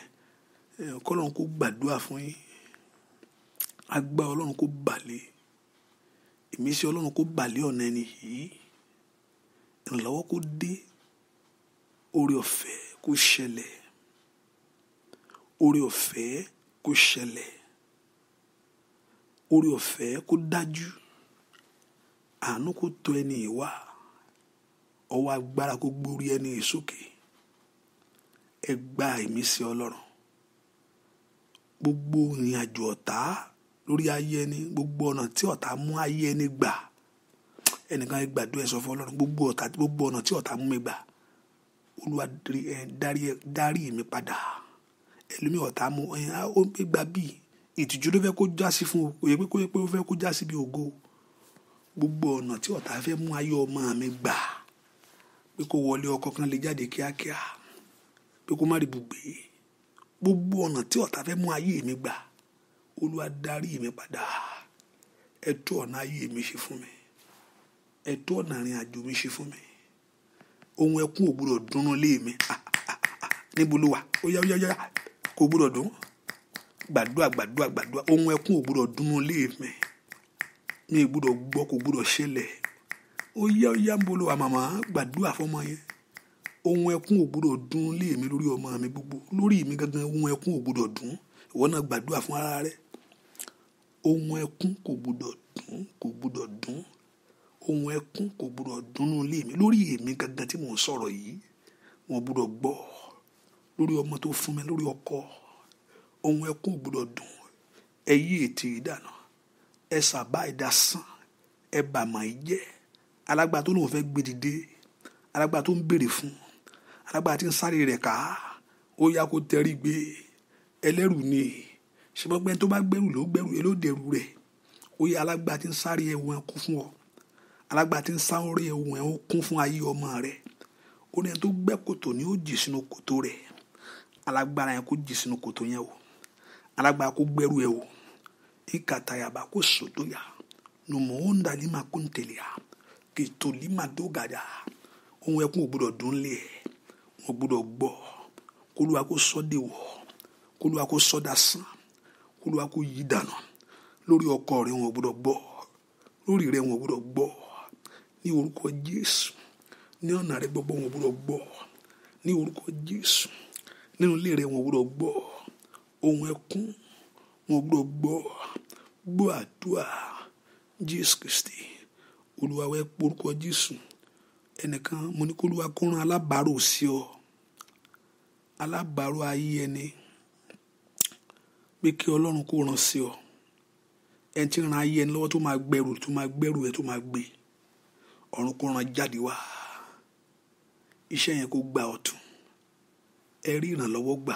S1: kọ́lọ́n kó gbàdúrà fún yín agbá ọlọ́run kó bà ìmísí ọlọ́run kó bàlẹ́ ọ̀nà ẹni yìí ìrànlọ́wọ́ kó dé oore ọ̀fẹ́ kó ṣẹlẹ̀ oore ọ̀fẹ́ kó ṣẹlẹ̀ oore ọ̀fẹ́ kó dájú àánú kó tọ ẹni ìwà ọwọ́ agbára kó gbórí ẹni ìsókè ẹ gba ìmísí ọlọ́run gbogbo ìrìn àjò ọ̀tá lórí ayé ẹni gbogbo ọ̀nà tí ọ̀tá mú ayé ẹni gbà ẹnìkan ẹ gbàdúrà ẹ sọ fún ọlọ́run gbogbo ọ̀tá gbogbo ọ̀nà tí ọ̀tá mú mi gbà olúwa dárí mi padà ẹlòmí ọ̀tá mú ẹ ó ń gbà bíi ìtìjú ló fẹ́ kó jásí fún o yẹ pé kó yẹ pé ó fẹ́ kó jásí bí ògo gbogbo ọ̀nà tí ọ̀tá fẹ́ mú ayé ọmọ mi gbà pé kó wọlé ọkọ kan lè jáde kíákíá pé kó má rí ibùgbé gbogbo ọ̀nà tí ọ̀tá fẹ́ mú ayé mi gbà olúwa darí mi padà ẹ tó ọ̀nà ayé mi ṣe fún mi ẹ tó ọ̀nà àrin àjò mi ṣe fún mi ohun ẹkún ò gbúdọ̀ dúnú lé mi níbo ló wà ó yá yá yá kò gbúdọ̀ dún gbàdúrà gbàdúrà gbàdúrà ohun ẹkún ò gbúdọ̀ dúnú lé mi mi ì gbúdọ̀ gbọ́ kò gbúdọ̀ ṣẹlẹ̀ ó yá ó yá níbo ló wà màmá gbàdúrà fọmọ yẹn ohun ẹkún ò gbúdọ̀ dún lé mi lórí ọmọ mi gbogbo lórí mi gangan ohun ẹkún ò gbúdọ̀ dún ìwọ náà gbàdúrà fún ara rẹ ohun ẹkún kò gbúdọ̀ dún kò gbúdọ̀ dún ohun ẹkún kò gbúdọ̀ dúnnú ilé mi lórí èmi gangan tí mò ń sọ̀rọ̀ yìí wọn gbúdọ̀ gbọ́ lórí ọmọ tó fún mi lórí ọkọ ohun ẹkún gbúdọ̀ dùn ẹ yí ètè ìdáná ẹ sàbá ìdásán ẹ bàmà ìjẹ alágbà tó lóun fẹ́ gbé dìde alágbà ń béèrè fún alágbà ń sáré rẹ̀ ká ó yá kó tẹrí gbé ẹlẹ́rù ni ṣùgbọ́n pé tó bá gbẹrù ló gbẹrù yẹn ló dẹrù rẹ̀ ó yẹ alágbà tí ń sáré ẹ̀wọ̀n kún fún ọ alágbà tí ń sáré ẹ̀wọ̀n ó kún fún ayé ọmọ rẹ̀ ó ní ẹni tó gbẹ́ kòtò ni ó jì sínú kòtò rẹ̀ alágbára yẹn kó jì sínú kòtò yẹn o alágbára kó gbẹrù ẹ o ìkàtàyàbá kó sòdóyà nùmọ̀ ó ń dalí máa kó ń tẹ̀lé a kètò lima dó gàdá ohun ẹkún ò gbọdọ̀ dún lé ẹ wọn gbọdọ̀ gbọ́ kólúwa kó sọ́dẹ̀ wọ̀ kólúwa kó sọ́dà sàn olúwa kó yí dànù lórí ọkọ rẹ wọn gbọ́dọ̀ gbọ́ lórí rẹ wọn gbọ́dọ̀ gbọ́ ní orúkọ jésù ní ọ̀nà rẹ gbogbo wọn gbọ́dọ̀ gbọ́ ní orúkọ jésù nínú ilé rẹ wọn gbọ́dọ̀ gbọ́ ohun ẹkún wọn gbọ́dọ̀ gbọ́ gbọ́ àdúrà jésù kristi olúwa wẹ jésù ẹnìkan mo ní kó olúwa kó alábàárò sí ọ alábàárò ayé ẹni pé kí ọlọ́run kó ràn sí ọ ẹni tí ran ayé ẹni lọ́wọ́ tó máa gbẹrù tó máa gbẹrù ẹ tó máa gbé ọ̀run kó ràn jáde wá iṣẹ́ yẹn kó gba ọ̀tún ẹ rí ìrànlọ́wọ́ gbà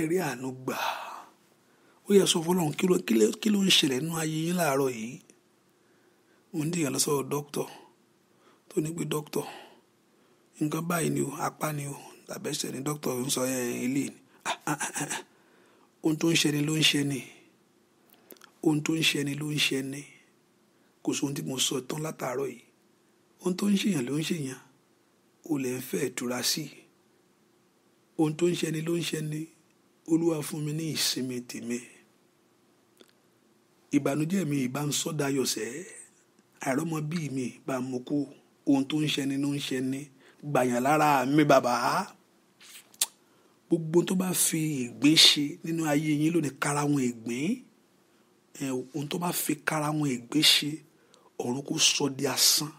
S1: ẹ rí àánú gbà ó yẹ sọ fọlọ́run kí ló ń ṣẹlẹ̀ nínú ayé yín láàárọ̀ yìí mo ń dìyàn lọ́sọ̀rọ̀ dókítà tó ní pé dókítà nǹkan báyìí ni o apá ni o tàbẹ́sẹ̀ ni dókítà ń sọ ẹ̀ ẹ́ ilé ni ah, ah, ah, ohun tó ń ṣẹni ló ń ṣẹni ohun tó ń ṣẹni ló ń ṣẹni kò sóhun tí mo sọ tán látàárọ̀ yìí ohun tó ń ṣèyàn ló ń ṣèyàn olè ń fẹ́ ìtura sí i ohun tó ń ṣẹni ló ń ṣẹni olúwa fún mi ní ìsinmi tèmi ìbànújẹ́ mi ìbá ń sọ́dà yọ̀sẹ̀ àìrọ́mọ bíi mi ìbá mú kú ohun tó ń ṣẹni ló ń ṣẹni gbàyàn lára mi bàbá gbogbo tó bá fi ìgbín ṣe nínú ayé yín lónìí kára wọn ìgbín ohun tó bá fi kára wọn ìgbín ṣe ọ̀run kò sọ di asán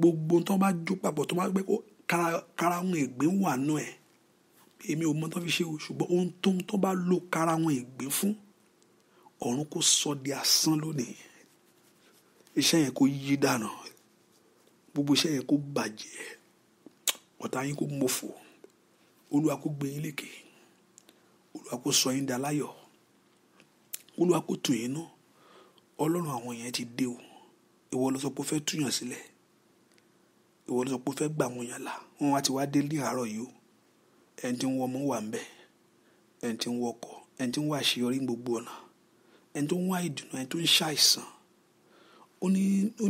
S1: gbogbo tó bá jó papọ̀ tó bá gbé kó kára wọn ìgbín wà náà ẹ̀ èmi ò mọ tó fi ṣe o ṣùgbọ́n ohun tó ń tó bá lo kára wọn ìgbín fún ọ̀run kò sọ di asán lónìí iṣẹ́ yẹn kò yí dànù gbogbo iṣẹ́ yẹn kò bàjẹ́ ọ̀tá yín kò mọ̀fọ̀ olúwa kó gbé yín lékè olúwa kó sọ yín daláyọ̀ olúwa kó tù yín nú ọlọ́run àwọn èèyàn ti dé o ìwọ ló sọ pé ó fẹ́ túyàn sílẹ̀ ìwọ ló sọ pé ó fẹ́ gbà wọn yàn là wọn wá ti wá dé ní àárọ̀ yìí o ẹni tí ń wọ ọmọ wà ń bẹ ẹni tí ń wọ ọkọ ẹni tí ń wọ àṣeyọrí gbogbo ọ̀nà ẹni tó ń wá ìdùnnú ẹni tó ń ṣàìsàn ó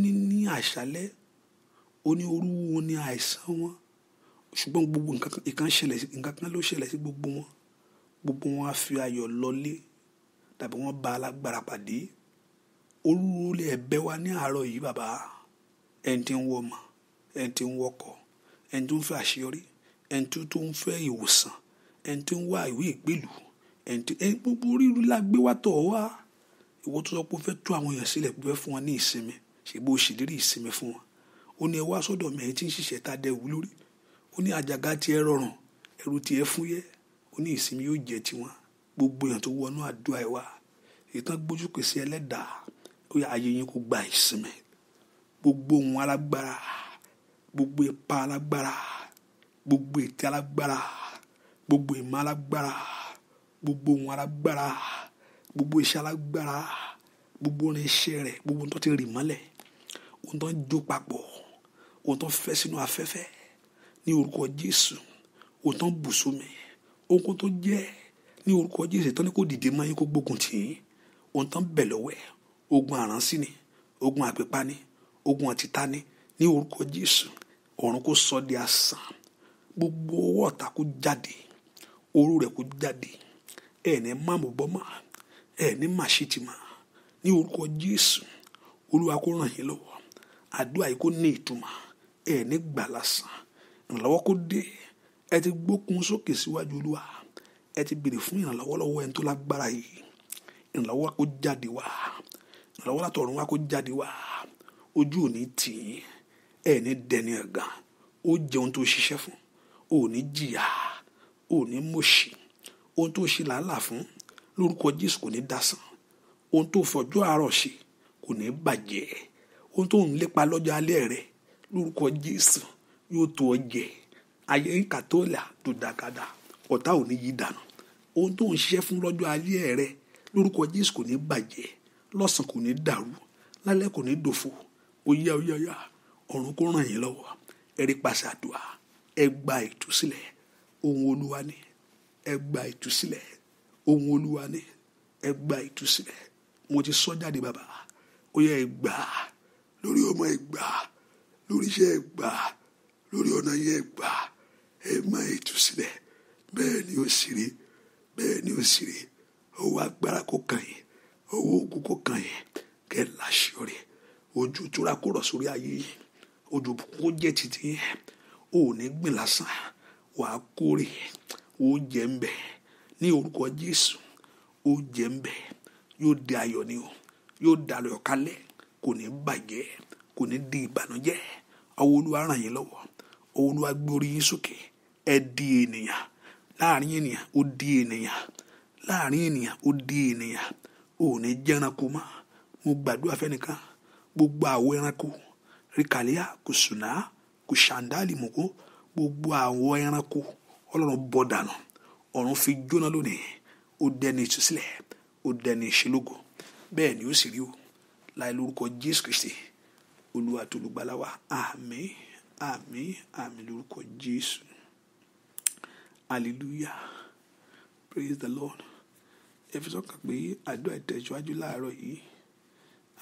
S1: ní ní àṣálẹ́ ó ní orú wo ni àìsàn wọn ṣùgbọ́n gbogbo nǹkan ìkan ṣẹlẹ̀ sí nǹkan kan ló ṣẹlẹ̀ sí gbogbo wọn gbogbo wọn á fi ayọ̀ lọlé tàbí wọ́n bá alágbára pàdé olúrúlé ẹ̀bẹ̀ wa ní àárọ̀ yìí bàbá ẹni tí ń wọ ọmọ ẹni tí ń wọkọ ẹni tó ń fẹ́ àṣeyọrí ẹni tó ń fẹ́ ìwòsàn ẹni tó ń wá ìwé ìgbèlú ẹni tó ẹni gbogbo ríru la gbé wá tọ̀ wá ìwọ tó sọ pé ó fẹ́ tú àwọn èèyàn sílẹ̀ pé ó fẹ́ fún wọn ní ìsinmi ṣègbè ó ìsinmi fún wọn ó ní ẹ wá sọ́dọ̀ mi tí ń ṣiṣẹ́ tá a dẹ lórí ó ní àjàgà tiẹ̀ rọrùn ẹrù tiẹ̀ fúyẹ́ ó ní ìsinmi yóò jẹ́ tiwọn gbogbo èèyàn tó wọnú àdúrà ẹ̀ wá ìtàn gbójú pèsè ẹlẹ́dàá ó yà ayé yín kó gba ìsinmi gbogbo ohun alágbára gbogbo ipa alágbára gbogbo ète alágbára gbogbo ìmọ̀ alágbára gbogbo ohun alágbára gbogbo iṣẹ́ alágbára gbogbo irinṣẹ́ rẹ̀ gbogbo ohun tó ti rì mọ́lẹ̀ ohun tó ń jó papọ̀ ohun tó ń fẹ́ sínú afẹ́fẹ́ ní orúkọ Jésù òtán bùsùnmi ohunkóhun tó jẹ́ ní orúkọ Jésù tán ní dìde mọ́ yín kó gbógun tì yín òtán bẹ̀ lọ́wọ́ ogun àránsí ni ogun àpèpá ni ogun àtìta ni ní orúkọ Jésù ọ̀run kó sọ di asán gbogbo ọwọ́ ọ̀tá kó jáde orú rẹ̀ kó jáde ẹ̀ ní má mọ̀ bọ́ mọ́ ẹ̀ ní má ṣe ti mọ́ ní orúkọ Jésù olúwa kó ràn yín lọ́wọ́ àdúrà yìí kó ní ìtumọ̀ ẹ̀ ní gbà lásán ìrànlọ́wọ́ kó dé ẹ ti gbókun sókè síwájú olúwa ẹ ti béèrè fún ìrànlọ́wọ́ lọ́wọ́ ẹni tó lágbára yìí ìrànlọ́wọ́ kó jáde wá ìrànlọ́wọ́ látọ̀run wá kó jáde wá ojú ò ní tì í ẹ ní dẹni ẹ̀gàn ó jẹun tó ṣiṣẹ́ fún ò ní jìyà ò ní mọ̀ṣì ohun tó ṣe làálàá fún lórúkọ jésù kò ní dasán ohun tó fọjọ́ àárọ̀ ṣe kò ní bàjẹ́ ohun tó ń lépa lọ́jọ́ alẹ́ rẹ lórúkọ jésù yóò tó ọ jẹ ayé ńkà tó là dùdàkadà ọ̀tá ò ní yí dànù ohun tó ń ṣiṣẹ́ fún lọ́jọ́ ayé rẹ lórúkọ jésù kò ní bàjẹ́ lọ́sàn kò ní dàrú lálẹ́ kò ní dòfo oyá oyáyá ọ̀run kó ràn yín lọ́wọ́ ẹ̀rí pàṣẹ àdúrà ẹ gba ìtúsílẹ̀ ohun olúwa ni ẹ gba ìtúsílẹ̀ ohun olúwa ni ẹ gba ìtúsílẹ̀ mo ti sọ jáde bàbá ó ẹ gbà lórí ọmọ ẹ gbà lórí iṣẹ́ ẹ gbà lórí ọ̀nà yẹn gbà ẹ má ìtúsílẹ̀ bẹ́ẹ̀ ni ó sì rí bẹ́ẹ̀ ni ó sì rí owó agbára kó kàn yín owó ogun kó kàn yín kẹ́ láṣeyọrí ojú ìtura kó rọ̀ sórí ayé yìí ojú kó jẹ́ títí yẹn ò ní gbìn lásán wàá kórè oúnjẹ ń bẹ ní orúkọ Jésù oúnjẹ ń bẹ yóò di ayọ̀ ni o yóò dàlọ́ kalẹ̀ kò ní bàjẹ́ kò ní di ìbànújẹ́ ọwọ́ Olúwa ràn yín lọ́wọ́ olúwa gbé orí yín sókè ẹ di ènìyàn láàrin ènìyàn ó di ènìyàn láàrin ènìyàn ó di ènìyàn ò ní jẹ́ ẹranko mọ́ mo gbàdúrà fẹ́nìkan gbogbo àwọ̀ ẹranko ríkàlíà kò sùnà kò ṣàǹdálì mọ́kó gbogbo àwọ̀ ẹranko ọlọ́run bọ̀ dànù ọ̀run fi jóná lónìí ó dẹni ìtúsílẹ̀ ó dẹni ìṣelógo bẹ́ẹ̀ ni ó sì rí o láì lórúkọ jésù kristi olúwa tó lùgbàlà wa àmín. Amen. Amen. lórúkọ Jesus. hallelujah praise the lord ẹ fi sọ́kàn pé àdúrà ìtẹ̀síwájú láàárọ̀ yìí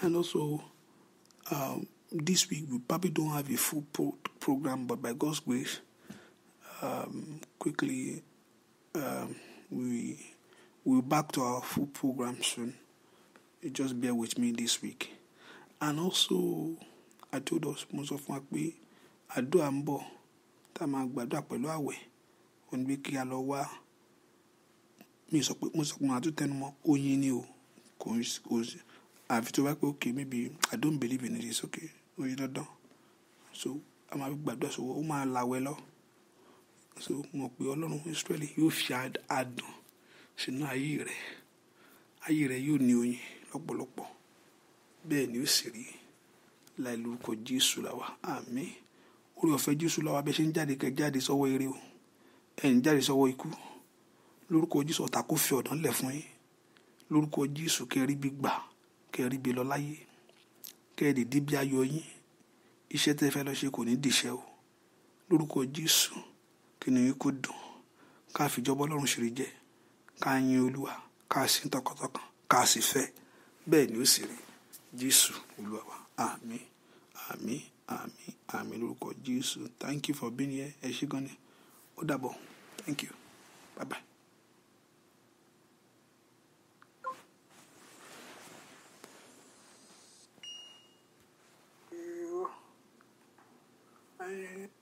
S1: and also um, this week we probably don't have a full pro- program but by God's grace um, quickly um, we we'll back to our full program soon you just bear with me this week and also I told us most of my people àdúrà ń bọ̀ tá a máa gbàdúrà pẹ̀lú àwẹ̀ ó ní pé kí a lọ wá mi sọ pé mo sọ pé màá tún tẹnu mọ́ oyin ni o kò àfi tó bá pé okay maybe I don't believe in it is okay oyin dandan so a máa gbàdúrà sọ ó máa làwẹ̀ lọ so mo pe ọlọ́run Ísírẹ́lì yóò fi adùn sínú ayé rẹ ayé rẹ yóò ní oyin lọ́pọ̀lọpọ̀ bẹ́ẹ̀ ni ó sì rí láì lórúkọ Jésù làwà àmín orí ọ̀fẹ́ jésù lọ́wọ́ abẹ́ṣẹ́ ń jáde kẹ́ jáde sọ́wọ́ eré o ẹ̀yìn jáde sọ́wọ́ ikú lórúkọ jésù ọ̀tá kò fi ọ̀dàn lẹ̀ fún yín lórúkọ jésù kẹ́rí bí gbà kẹ́rí bí lọ láyé kẹ́ẹ̀dì dí bí ayọ̀ yín iṣẹ́ tẹ́ fẹ́ lọ ṣe kò ní dìṣẹ́ o lórúkọ jésù kìnìún yín kò dùn ká fìjọba ọlọ́run ṣeré jẹ ká yin olúwa ká sí tọkàntọkàn ká sì fẹ́ bẹ́ẹ̀ ni ó sì rí jésù olúwa wa àmín àmín àmín àmì lórúkọ Jésù thank you for being here ẹ ṣé gan ni ó dàbọ̀ thank you bye bye. You,